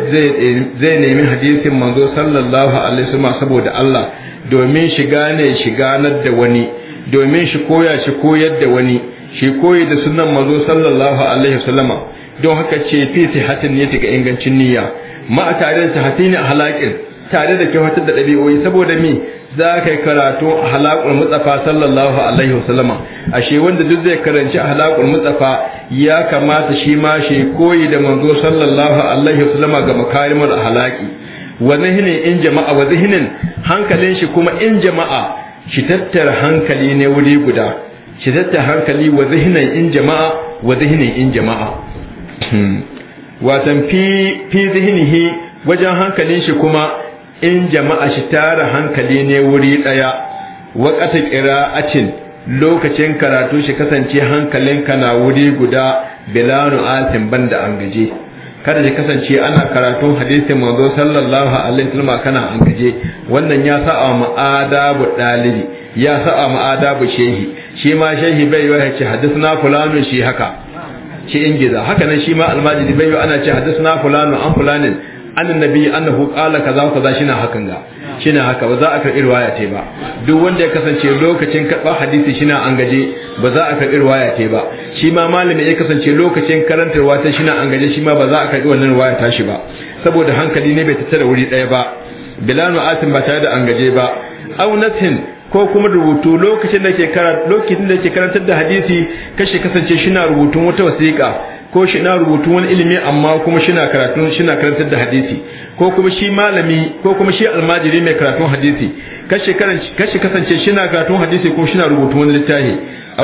zai nemi hadisin manzo sallallahu alaihi wasallam saboda Allah domin gane shi shiganar da wani domin shi koya shi koyar da wani shi koyi da sunan manzo sallallahu alaihi wasallama don haka ce fi sihatin niyyati ga ingancin niyya ma a tare da sihatin halakin tare da kyautar da ɗabi'o'i saboda me za ka yi karatu a halakun mutsafa sallallahu alaihi wasallama ashe wanda duk zai karanci a halakun mutsafa ya kamata shi ma shi koyi da manzo sallallahu alaihi wasallama ga makarimar halaki wa zihnin in jama'a wa zihnin hankalin shi kuma in jama'a shi tattara hankali ne wuri guda shi tattara hankali wa zihnin in jama'a wa zihnin in jama'a hmm. watan fi fi zihnihi wajen hankalin shi kuma in jama'a shi tara hankali ne wuri daya waqata qira'atin lokacin karatu shi kasance hankalinka na wuri guda bilanu atin banda an gaje kada shi kasance ana karatun hadisin manzo sallallahu alaihi wasallam kana an gaje wannan ya sa a adabu dalili. ya sa a adabu shehi shi ma shehi bai yi wa hadisna fulanu shi haka shi ingiza haka nan shi ma almajidi bai ana ce hadisna fulanu an fulanin an nabi annahu qala kaza kaza shine hakan ga shine haka ba za a karbi riwaya te ba duk wanda ya kasance lokacin karba hadisi shine an gaje ba za a karbi riwaya te ba shi ma malami ya kasance lokacin karantarwa ta shine an gaje shi ma ba za a karbi wannan riwaya ta shi ba saboda hankali ne bai tattara wuri daya ba bilanu atin ba tare da an gaje ba aw nathin ko kuma rubutu lokacin da ke lokacin da ke karantar da hadisi kashi kasance shina rubutun wata wasiƙa ko shina rubutun wani ilimi amma kuma shina karatun shina karantar da hadisi ko kuma shi malami ko kuma shi almajiri mai karatun hadisi kashi karanci kashi kasance shina karatun hadisi ko shina rubutun wani littafi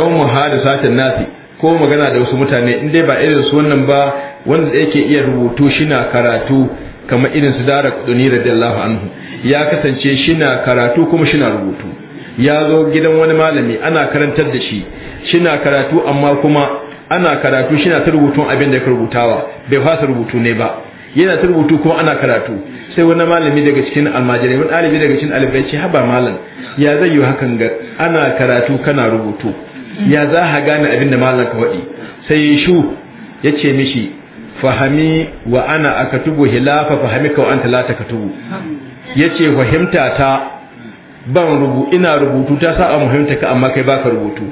aw muhadasatin nasi ko magana da wasu mutane in dai ba irin su wannan ba wanda yake iya rubutu shina karatu kamar irin su dara kuduni radiyallahu anhu ya kasance shina karatu kuma shina rubutu ya zo gidan wani malami ana karantar da shi shina karatu amma kuma ana karatu shina ta rubutun abin da ya rubutawa bai fasa rubutu ne ba yana ta rubutu kuma ana karatu sai wani malami daga cikin almajirai wani ɗalibi daga cikin ɗalibai ce haba malam ya zai yi hakan ga ana karatu kana rubutu ya za ha gane abin da malam ka faɗi sai shu ya ce mishi fahami wa ana a katubu hilafa fahamika wa ka la ya ce fahimta ta ban rubu ina rubutu ta sa a muhimta ka amma kai baka rubutu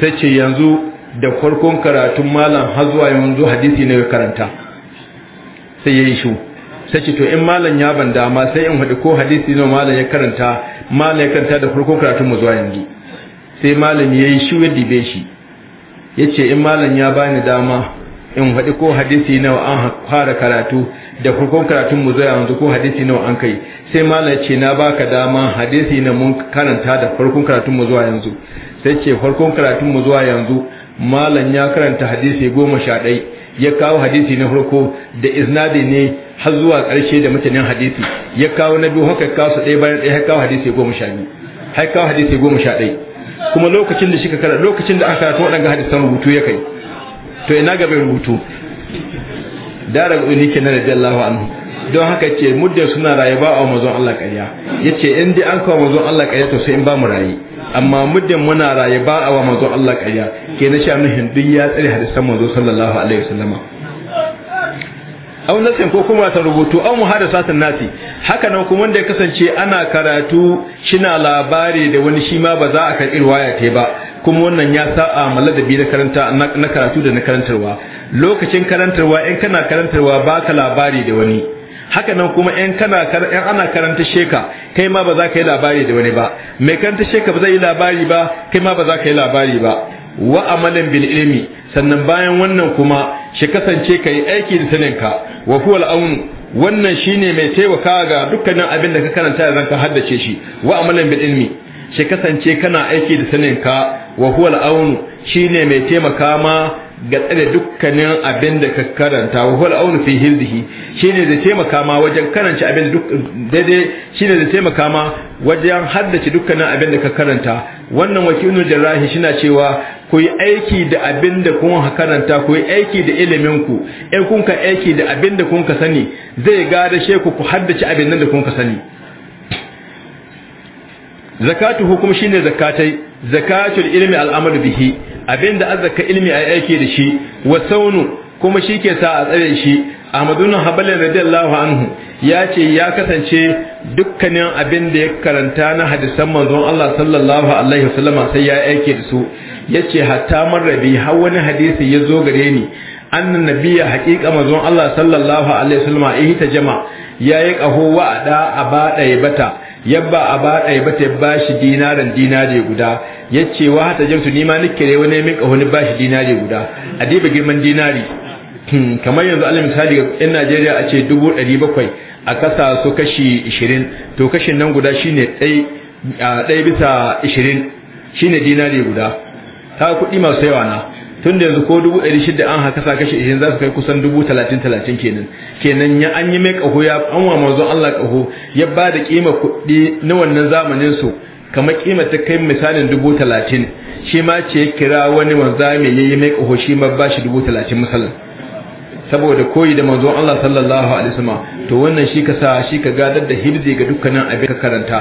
sai ce yanzu da farkon karatun malam har zuwa yanzu hadisi ne karanta sai yayi shu sai ce to in malam ya ban dama sai in hadi ko hadisi ne malam ya karanta malam ya karanta da farkon karatun mu zuwa yanzu sai malam yayi shu ya dibe shi yace in malam ya bani dama in hadi ko hadisi ne an fara karatu da farkon karatun mu zai yanzu ko hadisi nawa an kai sai malam ce na baka dama hadisi na mun karanta da farkon karatun mu zuwa yanzu sai ce farkon karatun mu zuwa yanzu malam ya karanta hadisi goma sha ɗai ya kawo hadisi na farko da iznadi ne har zuwa ƙarshe da mutanen hadisi ya kawo na biyu haka kawo su ɗaya bayan ɗaya har kawo hadisi goma sha biyu har kawo hadisi goma sha ɗai kuma lokacin da shi ka karanta lokacin da aka karanta waɗanga hadisan rubutu ya kai to ina ga bai rubutu darar uli na radiyallahu anhu don haka ce muddin suna rayu ba a mazon Allah ƙarya yace in dai an kawo mazon Allah ƙarya to sai in ba mu raye amma muddin muna rayu ba a mazon Allah ƙarya kenan sha nuhin duk ya tsare hadisan manzo sallallahu alaihi wasallama aw nasin ko kuma ta rubutu aw tan nasi haka nan kuma wanda ya kasance ana karatu shina labari da wani shi ma ba za a karɓi riwaya ta ba kuma wannan ya sa'a maladabi na karanta na karatu da na karantarwa lokacin karantarwa in kana karantarwa ba ka labari da wani haka nan kuma in kana in ana karanta sheka kai ma ba za ka yi labari da wani ba mai karanta sheka ba zai yi labari ba kai ma ba za ka yi labari ba wa amalan bil ilmi sannan bayan wannan kuma shi kasance ka yi aiki da saninka wa huwal aunu wannan shine mai taimaka ga dukkanin abin da ka karanta da zanka haddace shi wa amalin bin ilmi shi kasance kana aiki da saninka wa la'aun aunu shine mai taimaka ma ga tsare dukkanin abin da ka karanta wa huwal aunu fi shi shine da taimaka ma wajen karanta abin duk daidai ne da taimaka ma wajen haddace dukkanin abin da ka karanta wannan wakilin jarrahi na cewa ku yi aiki da abin da kun karanta ku yi aiki da iliminku in kun ka aiki da abin da kun ka sani zai gada sheku ku haddace abin nan da kun ka sani zakatu hukum shine zakatai zakatul ilmi al'amalu bihi abin abinda azzaka ilmi ay aiki da shi wa saunu kuma shike sa a tsare shi Ahmadun Habal radiyallahu anhu ya ce ya kasance dukkanin abin da ya karanta na hadisan manzon Allah sallallahu alaihi wasallama sai ya aike da su yace hatta marrabi har wani hadisi ya zo gare ni annan nabiyya haqiqa mazon Allah sallallahu alaihi wasallam ihi ta jama yayi kaho wa ada abada bata yabba abada bata bashi dinaran dinari guda yace wa ta jamsu ni ma nake wani min kaho ni bashi dinari guda A adiba girman dinari hmm, kamar yanzu alal misali ga Najeriya a ce bakwai. a kasa su kashi 20 to kashin nan guda shine ɗaya bisa 20 shine dinari guda ka kuɗi masu yawa na tun da yanzu ko dubu ɗari shida an haka sa kashe ishirin za su kai kusan dubu talatin talatin kenan kenan ya an yi mai ƙaho ya an wa manzon Allah ƙaho ya ba da ƙima kuɗi na wannan zamanin su kamar ƙima ta kai misalin dubu talatin shi ma ce kira wani wanzami ya yi mai ƙaho shi ma ba shi dubu talatin misalin saboda koyi da manzon Allah sallallahu alaihi wasallam to wannan shi ka sa shi ka gadar da hirzi ga dukkanin abin ka karanta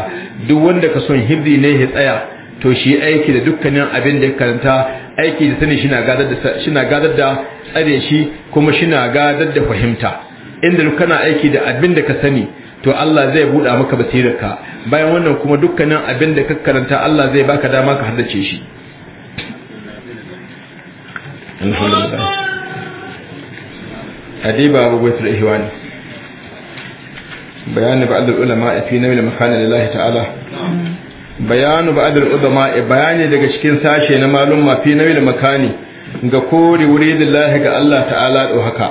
duk wanda ka son hirzi ne ya tsaya to shi aiki da dukkanin abin da ya karanta aiki da sani shina gadar da gadar da tsare shi kuma shina gadar da fahimta inda duk kana aiki da abin da ka sani to Allah zai buɗa maka basirarka bayan wannan kuma dukkanin abin da ka karanta Allah zai baka dama ka haddace shi Hadiba adiba abu baitul ihwani bayani ba'd ulama fi nawi al ta'ala bayanu ba'd al-udama e bayani daga cikin sashe na malumma fi nawil makani ga kore lahi ga Allah ta'ala do haka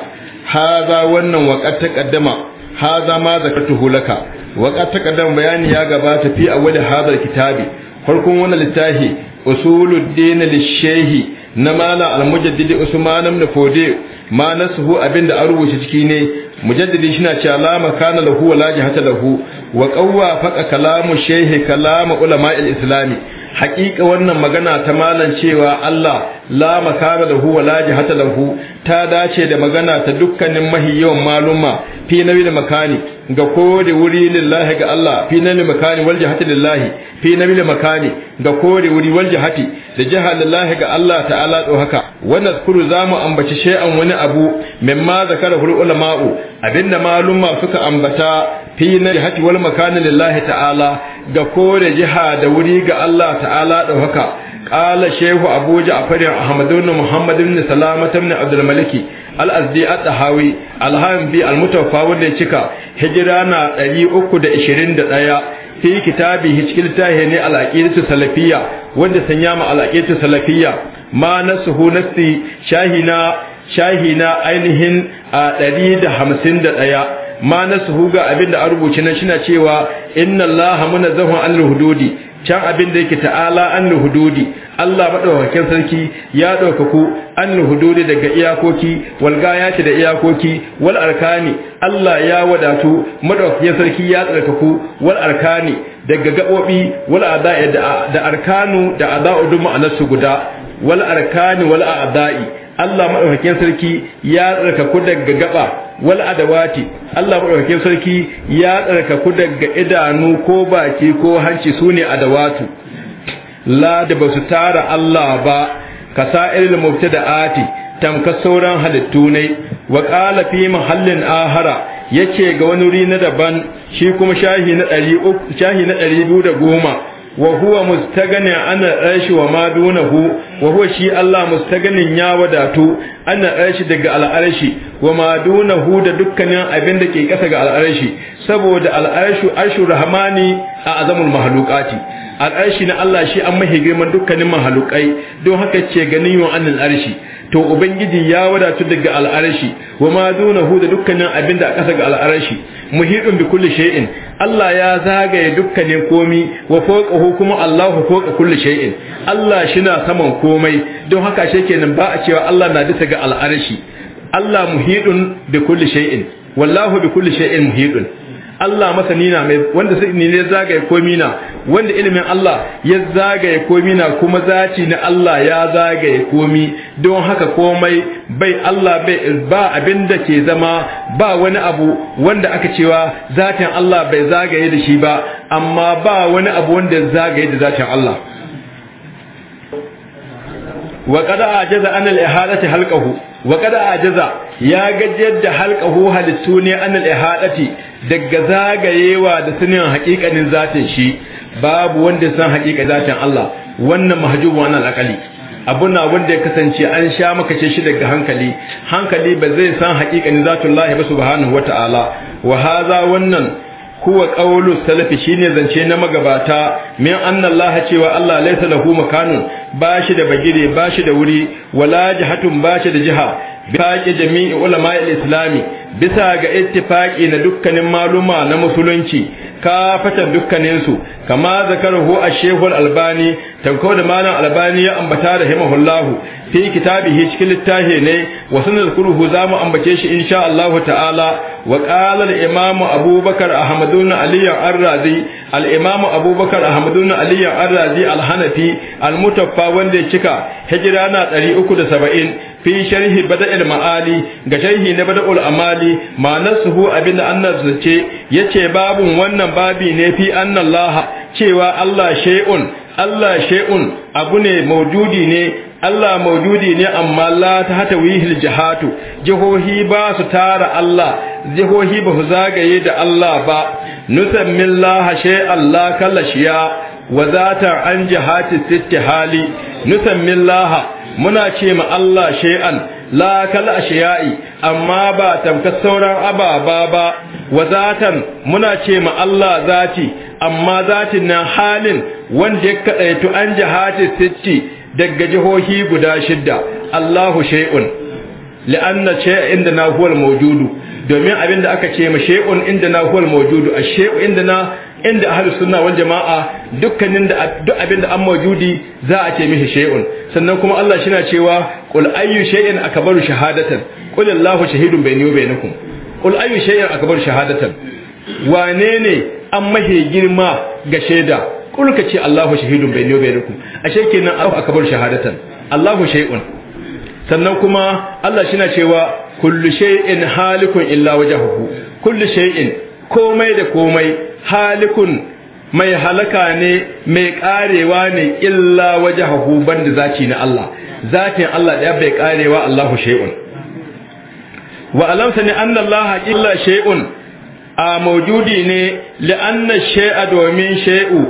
haza wannan waqat kaddama haza ma zakatuhu laka waqat kaddama bayani ya gabata fi awwal hadal kitabi farkon wannan littafi usuluddin lishehi na mala al-mujaddidi usman ibn fode ma nasuhu abinda an rubuce ciki ne mujaddidi na cewa la lahu wala jihata lahu wa qawwa faqa kalamu shehi kalamu ulama islami haƙiƙa wannan magana ta malan cewa Allah la makara da huwa la jihata lahu ta dace da magana ta dukkanin mahi yawan maluma fi nabi da makani ga kore wuri lillahi ga Allah fi nabi makani wal jihati lillahi fi nabi da makani ga kore wuri wal jihati da jiha lillahi ga Allah ta'ala to haka wannan kuru zamu ambaci shay'an wani abu mimma zakara hul ulama'u abinda maluma suka ambata fi nabi hati wal makani lillahi ta'ala ga kore jiha da wuri ga Allah ta'ala to haka قال شيخ أبو جعفر أحمد بن محمد بن سلامة بن عبد الملك الأزدي الطهاوي الهام بي المتوفى wanda ya cika hijira na 321 fi kitabi hijkil tahe ne al-aqidatu salafiyya wanda sanya ma al-aqidatu salafiyya ma nasuhu nafsi shahina shahina ainihin a 151 ma nasuhu ga abinda a rubuce nan shina cewa inna allaha munazzahun anil hududi can abin da yake ta'ala annu hududi Allah madaukakin sarki ya daukaku annu hududi daga iyakoki wal gayati da iyakoki wal arkani Allah ya wadatu madaukakin sarki ya tsarkaku wal arkani daga gabobi wal ada'i da arkanu da ada'u duma anasu guda wal arkani wal ada'i Allah madaukakin sarki ya tsarka ku daga gaba wal adawati Allah madaukakin sarki ya tsarka ku daga idanu ko baki ko hanci sune adawatu la da basu tara Allah ba da mubtada'ati tamka sauran halittu ne wa qala fi mahallin ahara yace ga wani wuri na daban shi kuma shahi na 300 shahi na 210 wa huwa mustagani ana arshi wa ma dunahu wa huwa shi Allah mustaganin ya wadatu ana arshi daga al'arshi wa ma dunahu da dukkanin abin da ke kasa ga al'arshi saboda al'arshu arshu rahmani a azamul mahluqati al'arshi na Allah shi an mahi girman dukkanin mahalukai don haka ce ganin yawan annal arshi to ubangiji ya wadatu daga al'arshi wa ma dunahu da dukkanin abin da aka ga al'arshi muhidun bi kulli shay'in Allah ya zagaye dukkanin komi wa fawqahu kuma Allahu fawqa kulli shay'in Allah shina saman komai don haka shekenan ba a cewa Allah na bisa ga al'arshi Allah muhidun bi kulli shay'in wallahu bi kulli shay'in muhidun Allah masani na mai wanda sai ne zagaye komi na wanda ilimin Allah ya zagaye komi na kuma zaci na Allah ya zagaye komi don haka komai bai Allah bai ba abinda ke zama ba wani abu wanda aka cewa zatin Allah bai zagaye da shi ba amma ba wani abu wanda ya zagaye da zatin Allah wa qad ajaza an al-ihalati halqahu Waƙar kada ajaza ya gajiyar halka halqahu halittu ne anil ihadati daga zagayewa da sanin haƙiƙanin zatin shi babu wanda san haƙiƙa zatin Allah wannan mahjubu wannan alaqali abuna wanda ya kasance an sha maka shi daga hankali hankali ba zai san haƙiƙanin zatin Allah ba subhanahu wataala wa haza wannan huwa qawlu salafi shine zance na magabata min anna Allah cewa Allah laysa lahu makanun bashi da bagire bashi da wuri wala jahatun bashi da jiha baqi jami'i ulama al-islami bisa ga ittifaqi na dukkanin maluma na musulunci dukkanin dukkaninsu kama zakarahu a shehul albani tanko da malam albani ya ambata da himahullahu fi kitabihi cikin littafi ne wa sanadkuruhu za mu ambace shi insha Allah ta'ala wa qala al-imam abubakar ahmadun ali ar-razi al-imam abubakar ahmadun ali ar-razi al-hanafi al-mutaffa wanda ya cika hijira na 370 fi sharhi bada'il ma'ali ga sharhi na bada'ul amali ma nasuhu abinda annabi ce yace babun wannan wannan babi ne fi annallaha cewa Allah shay'un Allah shay'un abu ne maujudi ne Allah maujudi ne amma la ta hata wihil jihatu jihohi ba su tara Allah jihohi ba su zagaye da Allah ba nusammin laha shay'an la kallashiya wa zata an jihati sitti hali nusammin laha muna ce ma Allah shay'an la kallashiya'i amma ba tamkar sauran ababa ba wa zatan muna ce ma Allah zati amma zatin nan halin wanda ya kadaitu an jihati sitti daga jihohi guda shidda Allahu shay'un li'anna shay'in inda na huwal mawjudu domin abin da aka ce ma shay'un inda na huwal mawjudu a shayu inda na inda ahlus sunna wal jamaa dukkanin da duk abin da an mawjudi za a ce mishi shay'un sannan kuma Allah shi na cewa qul ayyu shay'in akbaru shahadatan qul Allahu shahidun bayni wa bainakum Ulayu ayu shay'in akbar shahadatan wane ne an mahe girma ga shaida qul ka ce Allahu shahidun bayni wa bainakum ashe kenan Allahu akbar shahadatan Allahu shay'un sannan kuma Allah shi na cewa kullu shay'in halikun illa wajhuhu kullu shay'in komai da komai halikun mai halaka ne mai karewa ne illa wajhuhu banda zati na Allah zatin Allah da bai karewa Allahu shay'un wa alamsa ne anna Allah illa shay'un a mawjudi ne li anna shay'a domin shay'u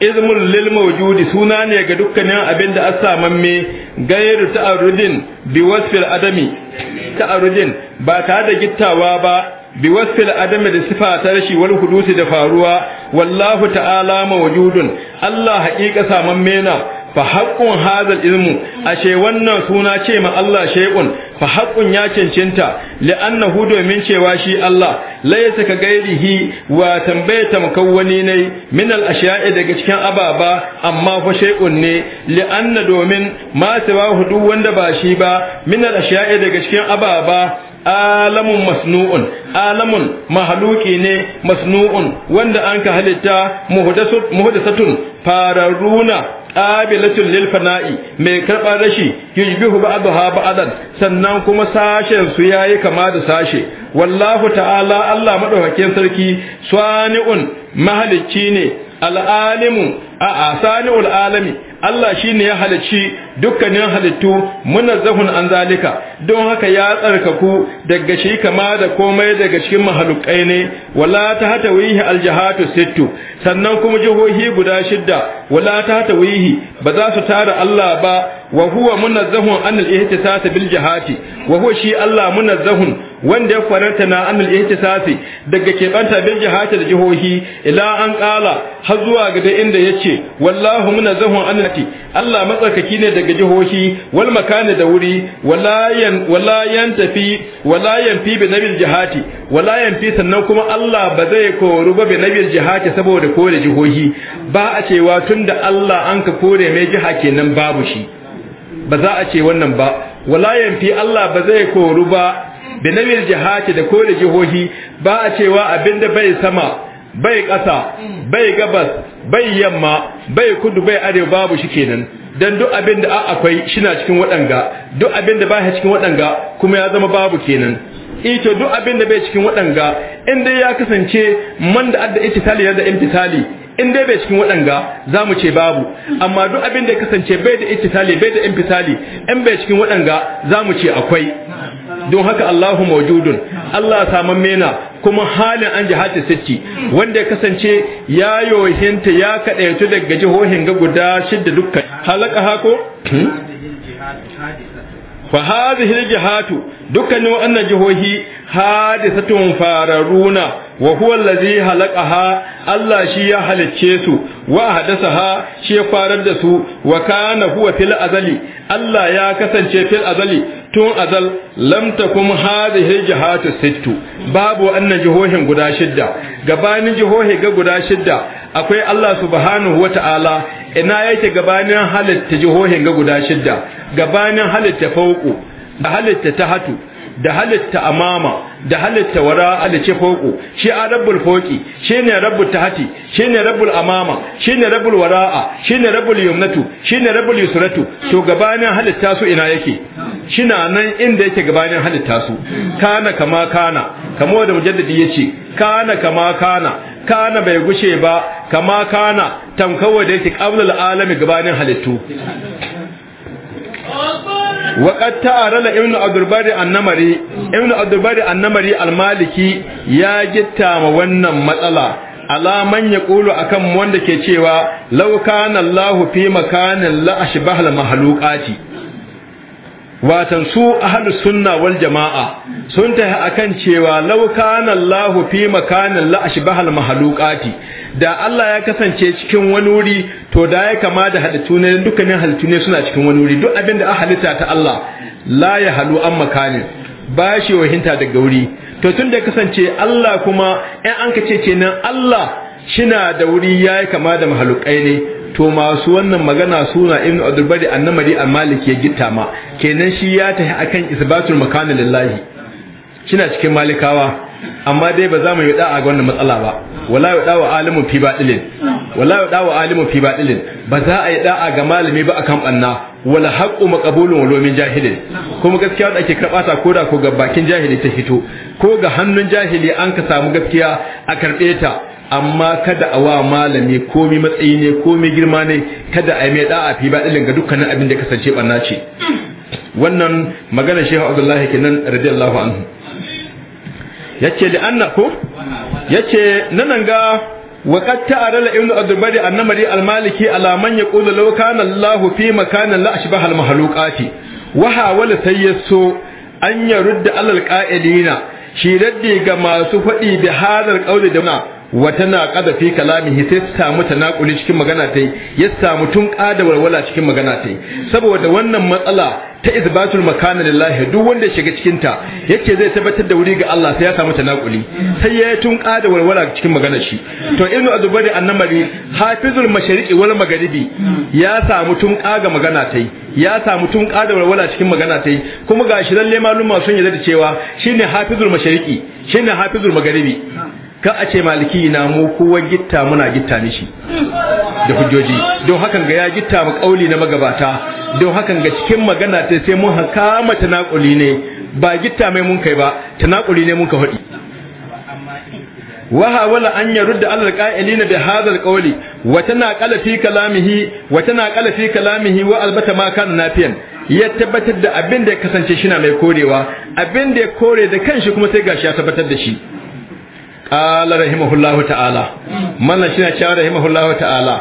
izmul lil mawjudi suna ne ga dukkanin abin da asa mamme gairu ta'arudin bi wasfil adami ta'arudin ba tare da gittawa ba bi wasfil adami da sifa ta rashi wal hudusi da faruwa wallahu ta'ala mawjudun Allah haƙiƙa samamme na fa haqqun hadal ilmu ashe wannan suna ce ma Allah shay'un fa haqqun ya cancanta hu domin cewa shi Allah laysa ka gairihi wa tambayata mukawwani ne min al ashiya'i daga cikin ababa amma fa shay'un ne li'anna domin ma siwahu duk wanda ba shi ba min al ashiya'i daga cikin ababa alamun masnu'un alamun mahluki ne masnu'un wanda an ka halitta muhdasatun fararuna qabilatul lil fana'i mai karban rashi yujbihu ba'daha ba'dan sannan kuma sashen su yayi kama da sashe wallahu ta'ala Allah madaukakin sarki swani'un mahalicci ne al'alimu a asani'ul alami Allah shi ne ya halicci dukkanin halittu muna zahun an zalika don haka ya tsarkaku daga shi kama da komai daga cikin mahalukai ne wala ta hata wihi aljahatu sittu sannan kuma jihohi guda shidda wala ta hata wihi ba za su tara Allah ba wa huwa munazzahun anil ihtisas bil jahati wa huwa shi Allah munazzahun wanda ya faranta na amil ihtisafi daga kebanta bin jihati da jihohi ila an kala har zuwa ga inda yace wallahu munazzahun annati Allah matsakaki ne daga jihohi wal makani da wuri walayan walayan tafi walayan fi bi nabil jihati walayan fi sannan kuma Allah ba zai koru ba bi nabil jihati saboda kore jihohi ba a cewa tunda Allah an ka kore mai jiha kenan babu shi ba za a ce wannan ba walayan fi Allah ba zai koru ba da namil jihati da kore jihohi ba a cewa abinda bai sama bai ƙasa bai gabas bai yamma bai kudu bai arewa babu shi kenan dan duk abinda da akwai shi na cikin waɗanga duk abinda bai cikin waɗanga kuma ya zama babu kenan ito eh duk abinda bai cikin waɗanga in dai ya kasance man da adda ittisali da imtisali in dai bai cikin waɗanga za mu ce babu amma duk abin da ya kasance bai da ittisali bai da infisali in bai cikin waɗanga za mu ce akwai don haka Allahu mawjudun Allah saman mena kuma halin an jihati sitti wanda ya kasance ya yohinta ya kadaitu daga jihohin ga guda shidda dukkan halaka hako hmm? fa hadhihi jihatu dukkanin wannan jihohi hadisatun fararuna wa huwa allazi halaqaha Allah shi ya halicce su wa ahdasaha shi ya farar da su wa kana huwa fil azali Allah ya kasance fil azali tun azal lam takum hadhihi jihatu sittu babu anna jihohin guda shidda gabanin jihohi ga guda shidda akwai Allah subhanahu wata'ala ina yake gabanin halitta jihohin ga guda shidda gabanin halitta fauku da halitta tahatu da halitta amama da halitta wara ce foko shi a rabbul foki shi ne rabbul tahati shi ne rabbul amama shi ne rabbul wara'a shi ne rabbul yumnatu shi ne rabbul yusratu to gabanin halitta su ina yake shina nan inda yake gabanin halitta su kana kama kana kama wanda mujaddidi yace kana kama kana kana bai gushe ba kama kana tamkawa da yake qablul alami gabanin halittu وقد تعرض ابن عبد البر النمري ابن عبد البر النمري المالكي يا جتا ما wannan matsala ala man yaqulu akan wanda ke cewa law kana Allah fi makanin la ashbahal mahluqati watan su ahlus sunna wal jama'a sun tahi akan cewa law kana Allahu fi makanin la ashbahal mahluqati da Allah ya kasance cikin wani wuri to da ya kama da halittu ne dukkanin halittu ne suna cikin wani wuri duk abin da ahalita ta Allah la ya halu an makanin ba shi wahinta daga wuri to tun da kasance Allah kuma in an kace kenan Allah shina da wuri yayi kama da mahluqai ne to masu wannan magana suna ibn abdulbari annamari al-maliki ya gitta ma kenan shi ya tafi akan isbatul makani lillahi kina cikin malikawa amma dai ba za mu yi da'a ga wannan matsala ba wala yi wa alimu fi batilin wala yi wa alimu fi batilin ba za a yi da'a ga malami ba akan banna wala haqqu maqbulun wa lomin jahilin kuma gaskiya da ake karba ta koda ko ga bakin jahili ta fito ko ga hannun jahili an ka samu gaskiya a karbe ta amma kada a wa malami komi matsayi ne komi girma ne kada a yi mai da'a fi batilin ga dukkanin abin da kasance banna ce wannan maganar shehu abdullahi kenan radiyallahu anhu ya ce da an ko ya na nan ga waƙat ta arala ibnu abdulbari annamari almaliki alaman ya ƙuzo lauka na lahu fi makanan la ashi sai ya so an ya rudda alal shi raddi ga masu faɗi da hadar ƙauli da na wa tana kada fi kalamihi sai ta samu tanakuli cikin magana yi ya samu tun kada walwala cikin magana yi saboda wannan matsala ta izbatul makana lillahi duk wanda ya shiga cikin ta yace zai tabbatar da wuri ga Allah sai ya samu tanakuli sai ya tun kada walwala cikin magana shi to ibnu azubari annamari hafizul mashariqi wal magharibi ya samu tun kaga magana yi ya samu tun kada walwala cikin magana yi kuma gashi lalle maluma sun yarda cewa shine hafizul mashariqi shine hafizul magharibi ka a ce maliki na mu kowa gitta muna gitta mishi da hujjoji don hakan ga ya gitta mu kauli na magabata don hakan ga cikin magana ta sai mun haka mata naƙuli ne ba gitta mai mun kai ba ta naƙuli ne mun ka hudi waha wala an yarudda alal qa'ilina bi hadha qawli wa tanaqala fi kalamihi wa tanaqala fi kalamihi wa albata ma kana nafiyan ya tabbatar da abin da ya kasance shi na mai korewa abin da ya kore da kanshi kuma sai gashi ya tabbatar da shi qala rahimahullahu ta'ala manna shi na cewa rahimahullahu ta'ala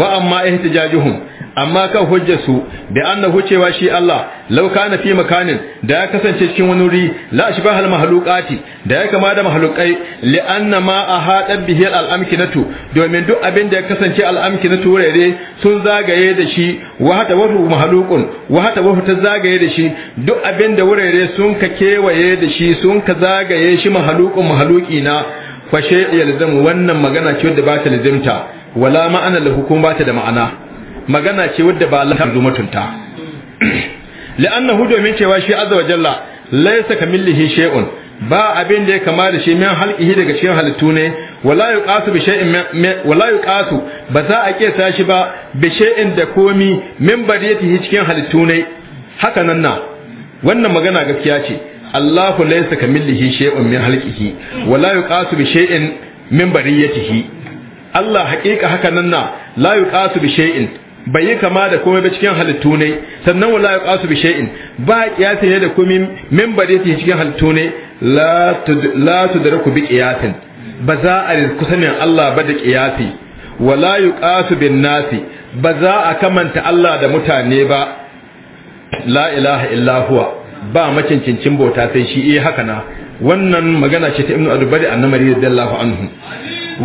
wa amma ihtijajuhum amma kan hujjarsu bi annahu cewa shi Allah law kana fi makanin da ya kasance cikin wani wuri la ashbahal mahluqati da ya kama da mahluqai li anna ma ahada bihi al amkinatu domin duk abin da ya kasance al amkinatu wurare sun zagaye da shi wa hata wahu mahluqun wa hata ta zagaye da shi duk abin da wurare sun ka kewaye da shi sun ka zagaye shi mahluqun mahluqina fa ya yalzamu wannan magana ce wadda ba ta lazimta wala ma'ana lahu hukum ba ta da ma'ana magana ce wadda ba Allah zo mutunta hu domin cewa shi azza wa jalla laysa kamillihi shay'un ba abin da ya kama da shi min halqihi daga cikin halittu ne wala yuqasu bi shay'in wala yuqasu ba za a kesa shi ba bi shay'in da komi min bariyatihi cikin halittu ne haka nan na wannan magana gaskiya ce Allah Allahu laysa kamillihi shay'un min halqihi wala yuqasu bi shay'in min bariyatihi Allah haƙiƙa haka nan na la yuqasu bi shay'in bai yi kama da komai ba cikin halittu ne sannan wala yuqasu bi shay'in ba qiyasin da komai min bariyatihi cikin halittu ne la la tudraku bi qiyasin ba za a kusanin Allah ba da qiyasi wala yuqasu bin nasi ba za a kamanta Allah da mutane ba la ilaha illa huwa ba macincincin bauta sai shi eh haka na wannan magana ce ta ibnu adubari annamari radiyallahu anhu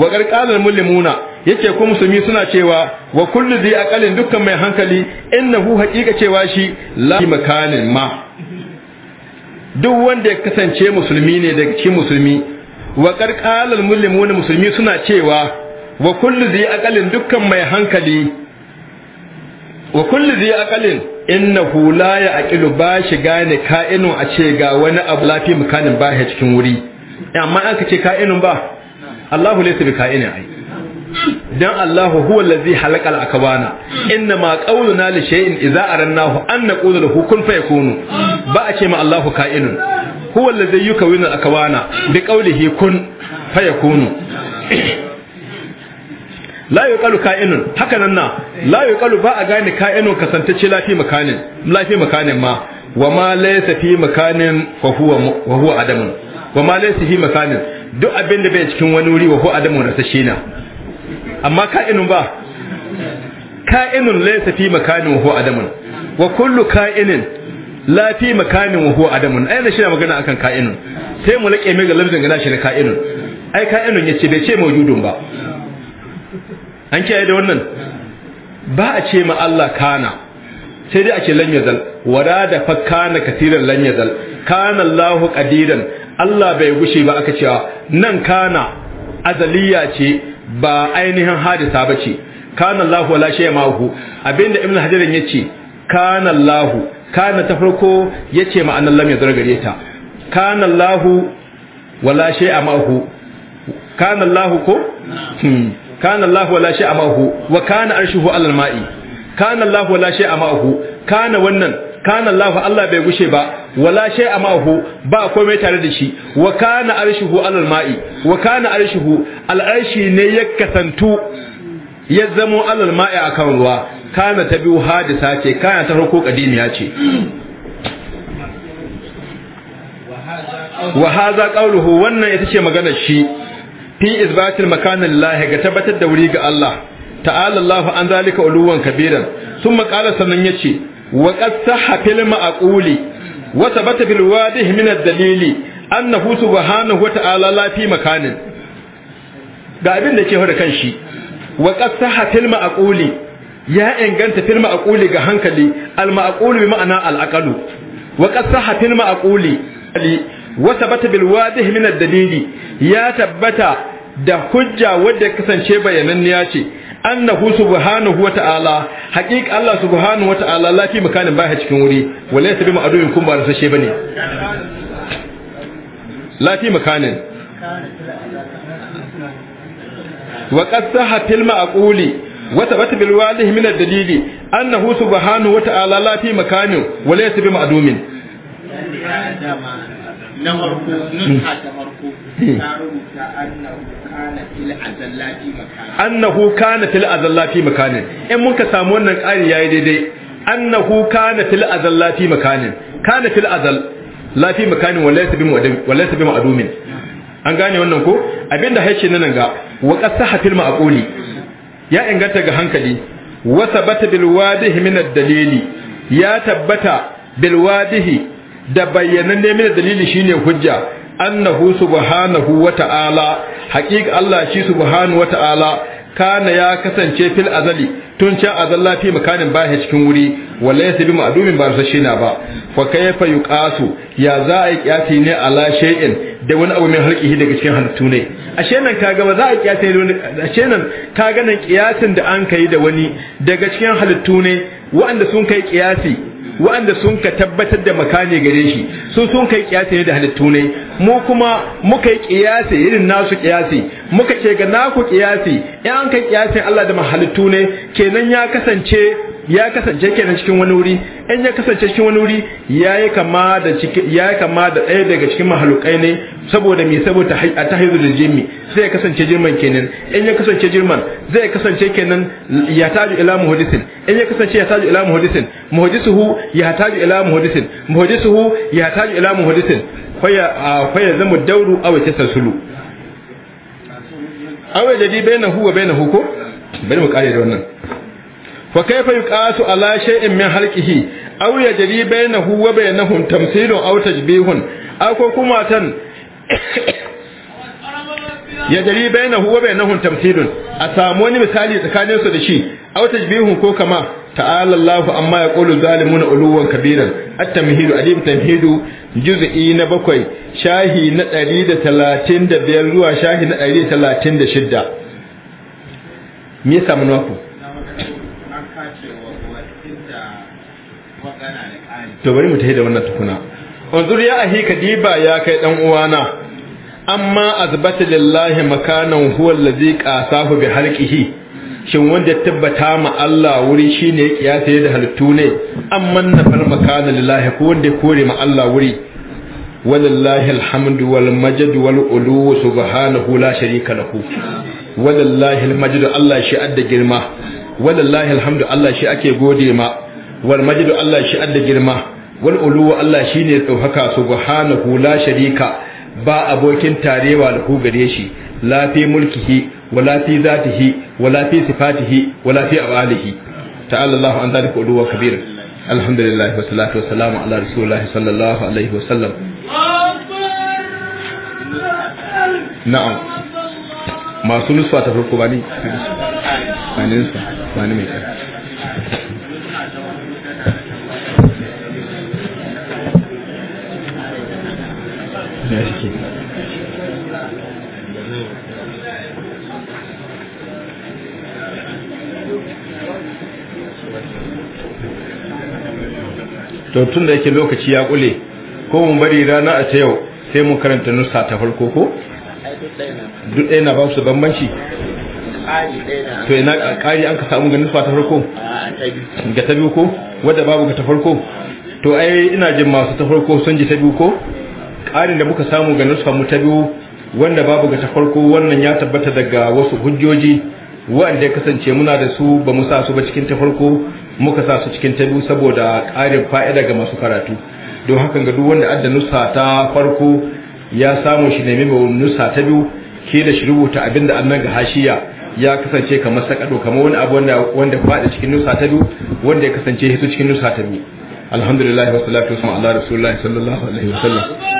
wa qarqalal mulimuna yace ko musulmi suna cewa wa kullu zai aqalin dukkan mai hankali innahu haqiqa cewa shi la makanin ma duk wanda ya kasance musulmi ne daga ci musulmi wa qarqalal mulimuna musulmi suna cewa wa kullu zai aqalin dukkan mai hankali wa kullu zai aqalin innahu la ya'qilu ba shi gane kainu a ce ga wani abu lafi mukanin ba ya cikin wuri amma an ka ce ka'inun ba Allahu laysa bi ka'inin ai dan Allahu huwa allazi halaka al-akwana inna ma qawluna li shay'in idza arannahu an naqulu lahu kun fayakunu ba a ce ma Allahu ka'inun huwa allazi yukawinu al-akwana bi qawlihi kun fayakunu la ƙalu ka'inun haka nan na la ƙalu ba a gane ka'inun kasantacce lafi makanin lafi makanin ma wa ma laysa fi makanin fa huwa wa huwa adamun wa ma laysa fi makanin duk abin da bai cikin wani wuri wa huwa adamun rasashe na amma ka'inun ba ka'inun laysa fi makanin wa huwa adamun wa kullu ka'inin la fi makanin wa huwa adamun ai shi na magana akan ka'inun sai mu laƙe mai ga lafzin gana shi na ka'inun ai ka'inun yace bai ce mawjudun ba an kiyaye da wannan ba a ce ma Allah kana sai dai a ce lan yazal da fa kana katiran lan yazal kana Allahu qadiran Allah bai gushe ba aka cewa nan kana azaliya ce ba ainihin hadisa ba ce kana Allahu wala shay ma'ahu abinda ibnu hajarin yace kana Allahu kana ta farko yace ma'anar lam yazal gare ta kana Allahu wala shay ma'ahu kana Allahu ko hmm. kana Allah wala shay amahu wa kana arshuhu alal ma'i kana Allah wala shay amahu kana wannan kana Allah Allah bai gushe ba wala shay amahu ba komai tare da shi wa kana arshuhu alal ma'i wa kana arshuhu al arshi ne ya kasantu ya zamo alal ma'i akan ruwa kana ta biyu hadisa ce kana ta farko kadimiya ce wa haza qawluhu wannan ita ce maganar shi fi izbatil makanin lahi ga tabbatar da wuri ga Allah ta'ala Allah an zalika uluwan kabiran sun makala sannan ya ce wa qad sahha fil ma'quli wa thabata fil wadih min ad-dalili annahu subhanahu wa ta'ala la fi makanin ga abin da ke hore kanshi wa qad sahha fil ma'quli ya inganta fil ma'quli ga hankali al ma'qulu bi ma'ana al aqalu wa qad sahha fil ma'quli wa thabata bil wadih min ad-dalili ya tabbata da hujja wadda kasance bayananniya ce annahu subhanahu wata'ala haqiqa Allah subhanahu wata'ala lafi makanin baya cikin wuri walaysa bima aduyin kun ba rasashe bane lafi makanin wa qad sahatil ma'quli wa thabata bil walih min ad-dalili annahu subhanahu wata'ala lafi makanin walaysa bima adumin na farko nusha ta marko hmm. ta rubuta annahu kana fil azallati makana annahu kana fil azallati makana in muka samu wannan ƙari yayi daidai annahu kana fil azallati makana kana fil azal lafi makanin walaysa bi mu'adim walaysa bi ma'dumin an gane wannan ko abinda haice nan ga wa qasaha fil ma'quli ya inganta ga hankali wa sabata bil wadihi min ad-dalili ya tabbata bil wadihi da bayyana ne mai dalili shine hujja annahu subhanahu wata'ala haqiqa Allah shi subhanahu wata'ala kana ya kasance fil azali tun can azalla fi makanin baya cikin wuri wallahi yasa bi ma'dumin ba rasashe na ba fa kayfa yuqasu ya za a kiyasi ne ala shay'in da wani abu mai halqihi daga cikin halittu ne ashe nan kaga ba za a kiyasi ne ashe nan kaga nan kiyasin da an kai da wani daga cikin halittu ne waɗanda sun kai kiyasi waɗanda sun ka tabbatar da makani gare shi su sun kai kiyasi da halittu ne mu kuma muka yi kiyasi irin nasu kiyasi muka ce ga naku kiyasi in an kai kiyasi Allah da mahalittu ne kenan ya kasance ya kasance kenan cikin wani wuri in ya kasance cikin wani wuri yayi kama da yayi kama da ɗaya daga cikin mahalukai ne saboda me saboda a haizu da jimi zai kasance jirman kenan in ya kasance jirman zai kasance kenan ya taju ila muhaddisin in ya kasance ya taju ila muhaddisin muhaddisuhu ya taju ila muhaddisin muhaddisuhu ya taju ila muhaddisin faya faya zamu dauru aw tasasulu aw jadi bainahu wa bainahu ko bari mu kare da wannan fa kaifa yuqasu ala shay'in min halqihi aw yajri bainahu wa bainahum tamthilun aw tajbihun ako kuma tan yajri bainahu wa bainahum tamthilun a samu wani misali tsakanin su da shi aw tajbihun ko kama ta'ala Allahu amma yaqulu zalimuna uluwan kabiran at-tamhidu adib tamhidu juz'i na bakwai shahi na 135 zuwa shahi na 136 me yasa mun ku to bari mu tafi da wannan tukuna unzur ya ahi kadiba ya kai dan uwana amma azbata lillahi makanan huwa allazi qasahu bi halqihi shin wanda ya tabbata ma Allah wuri shine ya kiyasa da halittu ne amma na far makana lillahi ko wanda ya kore ma Allah wuri walillahi alhamdu wal majd wal ulu subhanahu la sharika lahu walillahi al majd Allah shi adda girma walillahi alhamdu Allah shi ake gode ma wal majd Allah shi adda girma wal uluwa Allah shine tsohaka subhanahu la sharika ba abokin tarewa da ku gare shi la fi mulkihi wala fi zatihi wala fi sifatihi wala fi awalihi ta'ala Allah an zalika uluwa kabir alhamdulillah wa salatu wa salamu ala rasulillah sallallahu alaihi wa sallam na'am masu nusa ta farko ba ni ba ni mai kai da to tun da yake lokaci ya kule ko mun bari rana a ta yau sai mun karanta nusa ta farko ko duk ɗaya na ba su bambanci to ina ƙari an ka samu ga nusa ta farko ga ta biyu ko wadda babu ga ta farko to ai ina jin masu ta farko sun ji ta biyu ko ƙarin da muka samu ga nusfa mu ta biyu wanda babu ga ta farko wannan ya tabbata daga wasu hujjoji wanda ya kasance muna da su ba mu sa su ba cikin ta farko muka sa su cikin ta biyu saboda ƙarin fa'ida ga masu karatu don hakan ga duk wanda adda nusa ta farko ya samu shi ne mai nusa ta biyu ke da shi rubuta abin da annan ga hashiya ya kasance kamar sakado kamar wani abu wanda wanda faɗi cikin nusa ta biyu wanda ya kasance hito cikin nusa ta biyu alhamdulillah wassalatu wassalamu ala rasulillah sallallahu alaihi wasallam